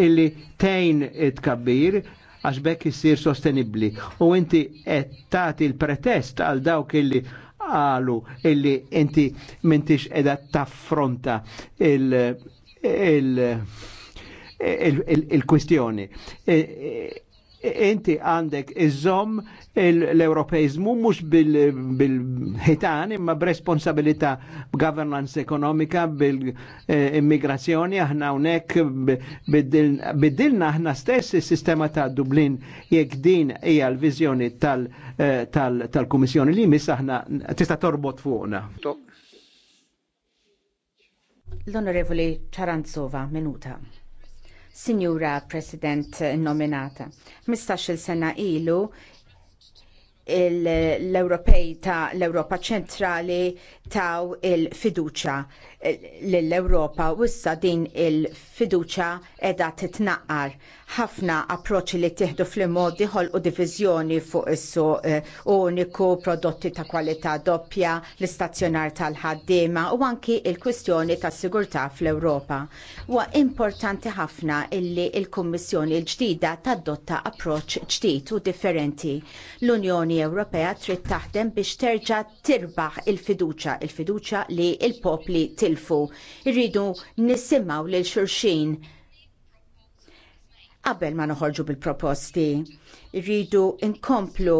illi tejn it-kabbir għax bekk jissir sostenibli. U inti tagħti il-pretest għal dawk illi għalu illi inti mintix edha taffronta il- il- il-kwistjoni. Il, il, il inti għandek iżom l-Europeizmu mux bil-ħitan bil imma b'responsabilità governance ekonomika bil-immigrazzjoni aħna unek biddilna aħna stess il-sistema ta' Dublin jekk din hija l-vizjoni eh, tal-Kummissjoni li mis aħna tista' torbot fuqna. L-Onorevoli Ċaranzova, minuta. Sinjura President nominata. mistax il sena ilu l-Ewropej ta' l-Ewropa ċentrali taw il-fiduċa l-Ewropa u issa din il-fiduċa edha titnaqqar. Ħafna approċċi li tieħdu fl-mod u diviżjoni fuq issu eh, uniku, prodotti ta' kwalità doppja, l-istazzjonar tal-ħaddiema u anki il-kwistjoni tas sigurtà fl-Ewropa. Huwa importanti ħafna illi il-Kummissjoni l-ġdida tadotta approċċ ġdid u differenti. L-Unjoni l-Unjoni Ewropea trid taħdem biex terġa' tirbaħ il-fiduċja, il-fiduċja li l-popli tilfu. Irridu nisimgħu lil xulxin qabel ma noħorġu bil-proposti. Irridu nkomplu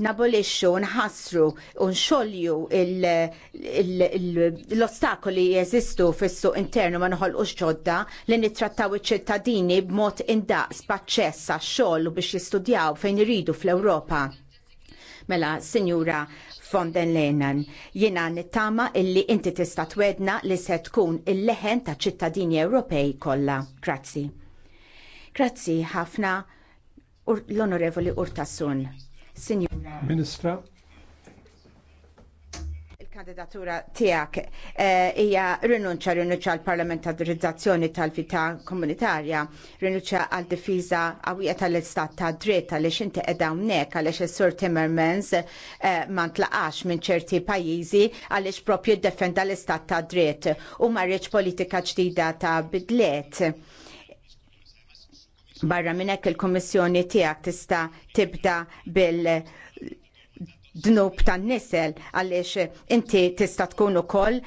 nabolixxu, nħassru, nxolju l-ostakoli li jeżistu fis-suq internu ma noħolqux ġodda li nittrattaw iċ-ċittadini b'mod indaqs b'aċċess għax-xogħol u biex jistudjaw fejn iridu fl-Ewropa. Mela, Sinjura von den Lenan, jina nittama illi inti tista twedna li se tkun il-leħen ta' ċittadini Ewropej kollha. Grazzi. Grazzi ħafna l-Onorevoli Urtasun. Signora. Ministra, kandidatura tiegħek hija eh, rinunċa rinunċa għal parlamentarizzazzjoni tal-vita komunitarja, rinunċa għal difiża għawija tal-istat ta' dritt għaliex inti qed hawnhekk għaliex is-Sur Timmermans eh, ma tlaqax minn ċerti pajjiżi għaliex propju defenda l-istat ta' dritt u ma politika ġdida ta' bidlet barra minn hekk il-Kummissjoni tiegħek tista' tibda bil- dnub tan nisel għaliex inti tista' tkun ukoll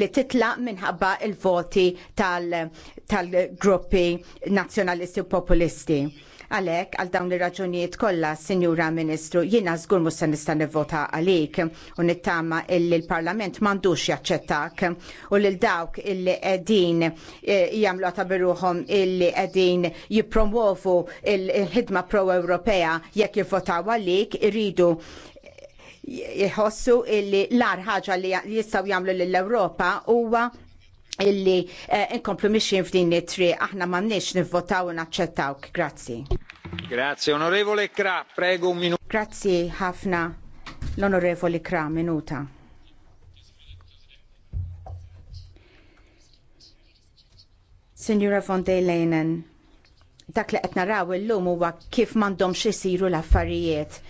li titla' minħabba l voti tal-gruppi nazzjonalisti u populisti. Għalhekk għal dawn ir raġunijiet kollha, Sinjura Ministru, jiena żgur mhux se nista' nivvota għalik u nittama illi l-Parlament m'għandux jaċċettak u lil dawk illi qegħdin eh, jamlu ta' biruhom illi qegħdin jipromuovu l ħidma pro-Ewropea jekk jivvotaw għalik iridu jħossu illi l-ar ħaġa li jistaw jamlu l-Europa huwa illi eh, inkomplu mixin f'din it-tri aħna m'għandniex nivvotaw u naċċettawk. Grazzi. Grazie, onorevole Kra, prego un minuto. Grazzi ħafna l-onorevoli Kra, minuta. Signora von der Leyen, dak li qed naraw illum huwa kif m'għandhomx isiru l-affarijiet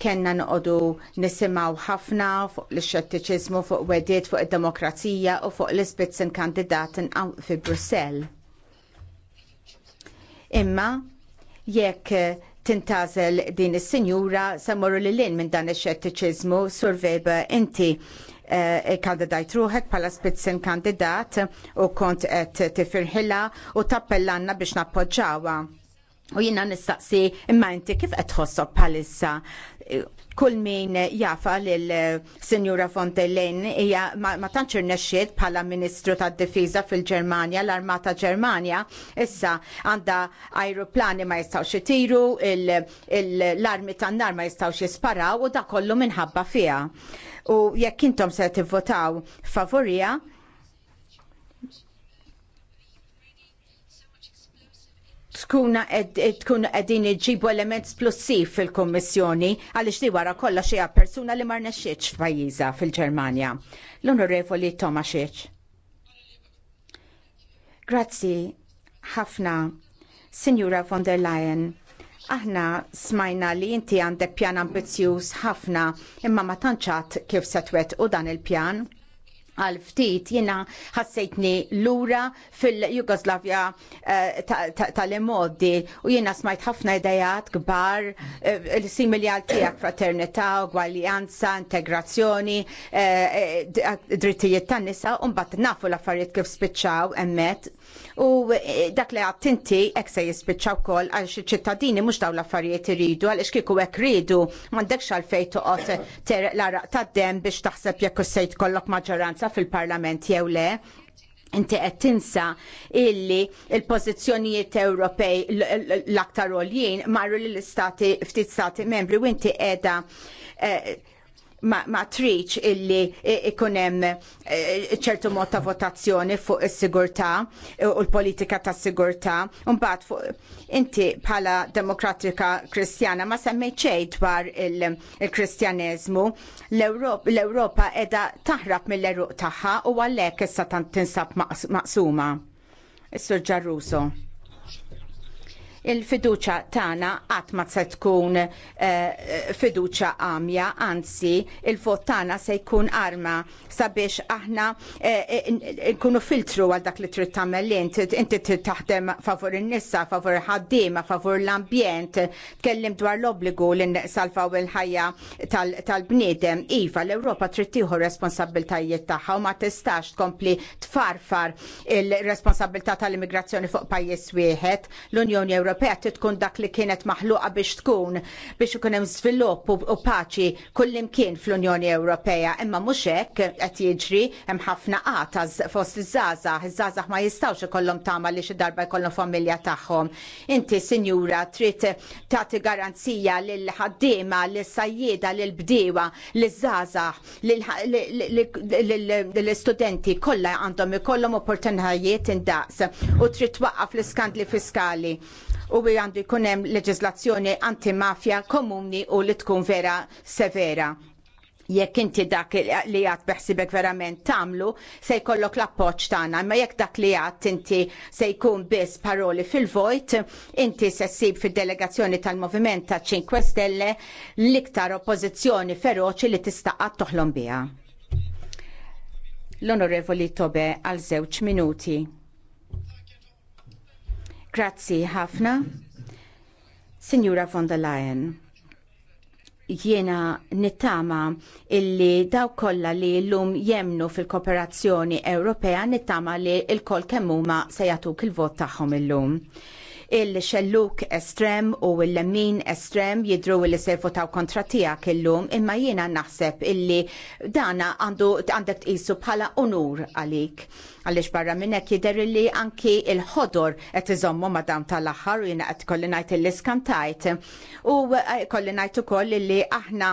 Kenna noqodu nisimaw ħafna fuq l-xettiċizmu, fuq wedid, fuq id-demokrazija u fuq l-spitzen kandidatin fi Brussell. Imma jekk tintazel din is-sinjura samurru li lin minn dan ix-xettiċiżmu Sur Weber inti eh, kandidajt ruħek pala spitzen kandidat u kont qed tifirħila u tappellanna biex nappoġġawha. U jina nistaqsi imma inti kif qed tħossok bħalissa kull min jafa lil Sinjura Fontellin hija ma tantx irnexxiet bħala Ministru tad-Difiża fil-Ġermanja, l-Armata Ġermanja issa għandha ajruplani ma jistgħux itiru, l-armi tan-nar ma jistgħux jisparaw u da kollu minħabba fiha. U jekk intom se tivvotaw favorija, tkuna eh, tkun qegħdin iġibu element splussiv fil-Kummissjoni għaliex li wara kollha xi persuna li mar nexxietx f'pajjiża fil-Ġermanja. L-Onorevoli Tomasic. Grazzi ħafna, Signora von der Leyen. Aħna smajna li inti għandek pjan ambizzjuż ħafna imma ma tantxat kif se u dan il-pjan għal ftit jina ħassejtni lura fil-Jugoslavja eh, tal-imoddi u jina smajt ħafna idejat gbar eh, il-simili għal tijak fraternita, gwaljanza, integrazzjoni, eh, drittijiet tan nisa un bat nafu l-affarijiet kif spiċċaw emmet u eh, dak li għattinti, inti hekk se jispiċċaw wkoll għax ċittadini mhux dawn l-affarijiet għal għaliex kieku hekk ridu m'għandekx fejtu għot ter l-araq tad-dem biex taħseb jekk sejt kollok maġġoranza fil-Parlament jew le inti qed tinsa illi il-pożizzjonijiet Ewropej l-aktar għoljien marru lill istati ftit stati membri u inti qiegħda eh, ma, ma triċ illi ikunem eh, ċertu mod ta' votazzjoni fuq is-sigurtà eh, u l-politika ta' sigurtà Mbagħad fuq inti bħala demokratika kristjana ma semmejt xejn dwar il-kristjaneżmu. L-Ewropa qiegħda taħrab mill-eruq tagħha u għalhekk issa tinsab maqsuma. Is-Sur Ġarruso il-fiduċa tagħna qatt ma se tkun eh, fiduċa għamja, anzi il-vot tagħna se jkun arma sabiex aħna eh, nkunu filtru għal dak li trid tagħmel li inti trid taħdem favur in-nisa, favur ħaddiema, favur l-ambjent, tkellim dwar l-obbligu li salvaw il-ħajja tal-bniedem. Iva, l-Ewropa trid tieħu responsabiltajiet tagħha u ma tistax tkompli tfarfar il-responsabilità tal-immigrazzjoni fuq pajjiż wieħed. L-Unjoni Ewropea Ewropea tkun dak li kienet maħluqa biex tkun biex ikun hemm żvilupp u paċi kullimkien fl-Unjoni Ewropea. Imma mhux hekk qed jiġri hemm ħafna qata fost iż żaża iż-żgħażagħ ma jistgħux ikollhom tagħmal li xi darba jkollhom familja tagħhom. Inti sinjura trid tagħti garanzija lil ħaddiema, lis sajjieda, lil bdiewa, liż-żgħażagħ, lill istudenti kollha għandhom ikollhom opportunitajiet indaqs u trid twaqqaf l-iskandli fiskali u għandu jkun hemm antimafja komuni u li tkun vera severa jekk inti dak li għat beħsibek verament tamlu, se jkollok l-appoċ tagħna, imma jekk dak li għat inti se jkun biss paroli fil-vojt, inti se ssib fil-delegazzjoni tal-Moviment ta' 5 Stelle l-iktar oppożizzjoni feroċi li tistaqqat toħlom biha. L-Onorevoli Tobe għal żewġ minuti. Grazzi ħafna. Signora von der Leyen jiena nittama illi daw kollha li llum jemnu fil-kooperazzjoni Ewropea nittama li l kol kemm huma se jagħtuk il-vot tagħhom illum il-xelluk estrem u l-lemmin estrem jidru li sefu taw kontra tiegħek illum imma jiena naħseb illi dana għandu għandek tqisu bħala unur għalik. Għaliex barra minn hekk illi li anki il-ħodor qed iżommu madam tal-aħħar u jiena qed kolli ngħid liskantajt U eh, kollinajt ngħid ukoll illi aħna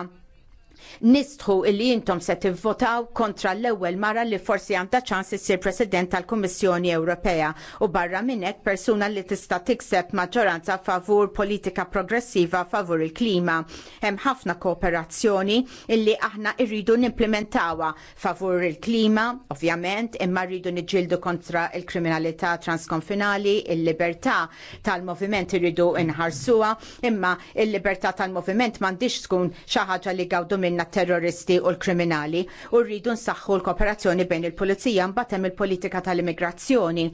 nistħu illi jintom se tivvotaw kontra l-ewwel mara li forsi għandha ċans issir President tal-Kummissjoni Ewropea u barra minnek persuna li tista' tikseb maġġoranza favur politika progressiva favur il-klima. Hemm ħafna kooperazzjoni illi aħna rridu nimplementawa favur il-klima, ovvjament, imma rridu niġġieldu kontra il-kriminalità transkonfinali, il-libertà tal-moviment irridu inħarsuha, imma il-libertà tal-moviment m'għandix tkun xi ħaġa li gawdu minna terroristi u l-kriminali u rridu nsaħħu l-kooperazzjoni bejn il-pulizija mbagħad hemm il-politika tal-immigrazzjoni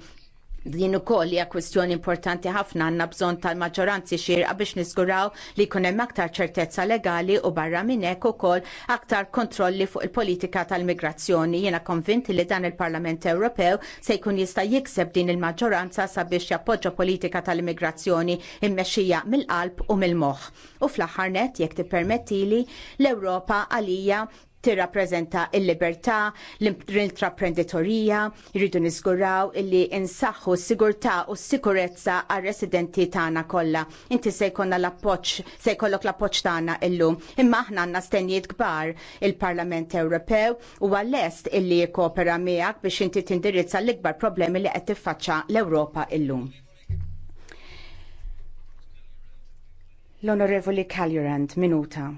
Din ukoll hija kwistjoni importanti ħafna għandna bżonn tal-maġġoranzi xierqa biex niżguraw li jkun hemm aktar ċertezza legali u barra minn hekk ukoll aktar kontrolli fuq il-politika tal-migrazzjoni. Jiena konvinti li dan il-Parlament Ewropew se jkun jista' jikseb din il-maġġoranza sabiex jappoġġa politika tal-immigrazzjoni immexxija mill-qalb u mill-moħħ. U fl-aħħar nett jekk tippermettili l-Ewropa għalija tirrappreżenta l-libertà, l-intraprenditorija, jridu niżguraw illi insaħħu s-sigurtà u s-sikurezza għar-residenti tagħna kollha. Inti se jkollna l-appoġġ, se jkollok l-appoġġ tagħna illum. Imma aħna għandna stennijiet kbar il-Parlament Ewropew u għall-est illi jikkopera miegħek biex inti tindirizza l-ikbar problemi li qed tiffaċċa l-Ewropa illum. L-Onorevoli Calurand, minuta.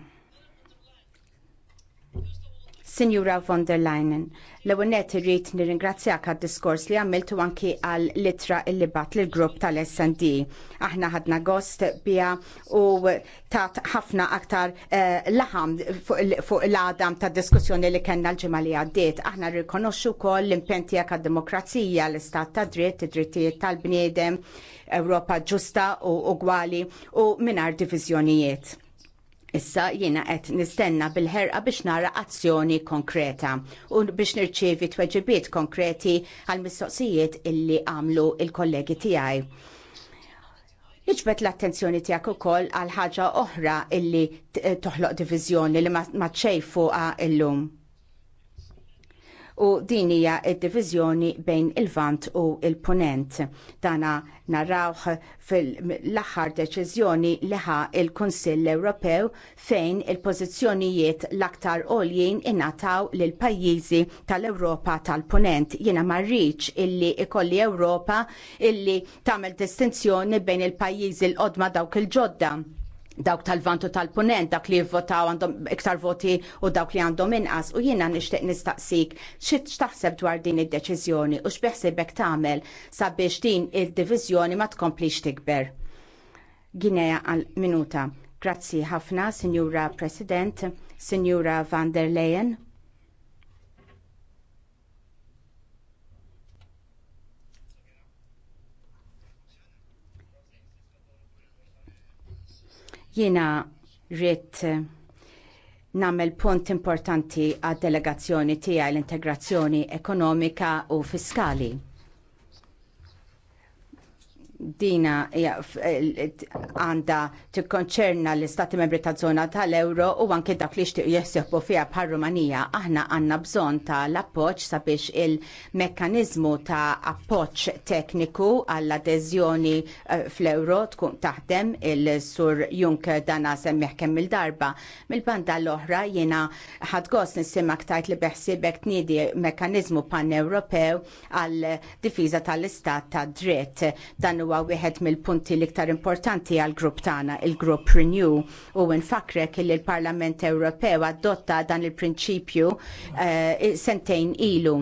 Sinjura von der Leyen, l-ewnet irrit nir-ingrazzjak għad-diskors li għamiltu anki għal litra illi bat l-grupp tal-SND. Aħna ħadna gost bija u tat ħafna aktar eh, laħam fuq l-għadam ta' diskussjoni li kena l ġimgħa li għaddiet. Aħna rikonoxxu kol l impenti għad demokrazija l-istat ta' dritt, id-drittijiet tal-bniedem, Ewropa ġusta u ugwali u minar divizjonijiet Issa jiena qed nistenna bil-ħerqa biex nara azzjoni konkreta u biex nirċievi tweġibiet konkreti għall mistoqsijiet illi għamlu il-kollegi tiegħi. Iġbet l-attenzjoni tiegħek ukoll għal ħaġa oħra illi toħloq diviżjoni li ma ċejfu illum u din hija d-diviżjoni bejn il-vant u il-punent. Dana narawh fil-aħħar deċiżjoni li ħa il-Kunsill Ewropew fejn il-pożizzjonijiet l-aktar għoljien ingħataw lil pajjiżi tal-Ewropa tal-Punent. Jiena ma rridx illi ikolli Ewropa illi tagħmel distinzjoni bejn il-pajjiżi l-qodma dawk il-ġodda dawk tal-vantu tal-punent, dak li votaw għandhom iktar voti u dawk li għandhom inqas u jiena nixtieq nistaqsik xit x'taħseb dwar din id-deċiżjoni u x'beħsibek tagħmel sabiex din id-diviżjoni ma tkomplix tikber. Ginea għal minuta. Grazzi ħafna, Sinjura President, Sinjura van der Leyen. Jiena rrit namel punt importanti għad delegazzjoni tiegħi l-integrazzjoni ekonomika u fiskali dina eh, għanda tikkonċerna l-istati membri ta' zona tal-euro u anke dak li xtiq jessieħbu fiha bħal Rumanija. Aħna għandna bżonn l appoġġ sabiex il-mekkanizmu ta' appoġġ tekniku għall-adeżjoni eh, fl-euro tkun taħdem il-sur Junk dana semmiħ kemm il-darba. mil banda l-oħra jiena ħadgos nissimak tajt li beħsibek tniedi mekkanizmu pan-Ewropew għal difiża tal-istat ta' dritt. Dan huwa huwa wieħed mill-punti l-iktar importanti għal grupp tagħna, il-grupp Renew, u nfakrek li l-Parlament Ewropew adotta dan il-prinċipju uh, sentejn ilu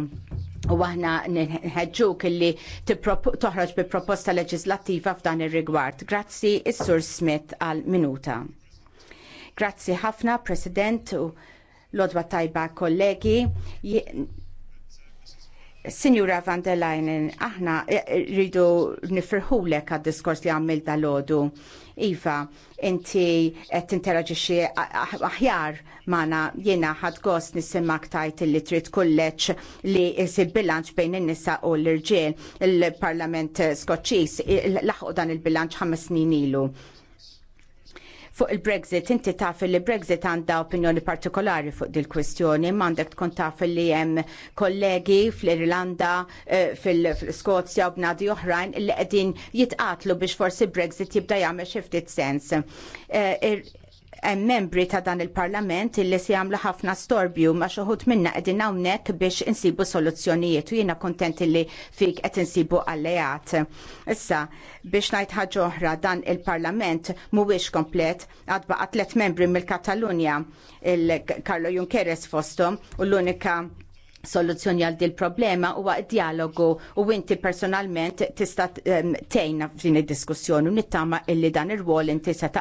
u aħna nħedġuk li toħroġ bi proposta leġislattiva f'dan ir-rigward. Grazzi is-Sur Smith għal minuta. Grazzi ħafna, President, u l-odwa tajba kollegi. Signora van der Leyen, aħna eh, eh, rridu nifirħulek għad diskors li għammil dal-ħodu. Iva, inti qed interaġixxi aħjar mana jiena ħad gost nisimmak tajt li trid kulleċ li jisib bilanċ bejn in-nisa u l-irġiel. Il-Parlament Skoċċis laħqu dan il-bilanċ ħames snin ilu. Fuq il-Brexit, inti taf li Brexit għandha opinjoni partikolari fuq dil-kwistjoni, m'għandek tkun taf li hemm kollegi fl-Irlanda, eh, fil-Skozja u bnadi oħrajn li qegħdin jitqatlu biex forsi Brexit jibda jagħmel xi ftit sens. Eh, hemm membri ta' dan il-Parlament illi se jagħmlu ħafna storbju ma' xoħut minna qegħdin hawnhekk biex insibu soluzzjonijiet u jiena kontent illi fik qed insibu alleat. Issa biex ngħid ħaġa oħra dan il-Parlament mhuwiex komplet għad baqa' tliet membri mill-Katalunja il-Karlo Junkeres fostom u l-unika soluzzjoni għal dil problema huwa dialogu u inti personalment tista' tgħinna ehm, f'din id-diskussjoni u nittama illi dan ir-rwol inti se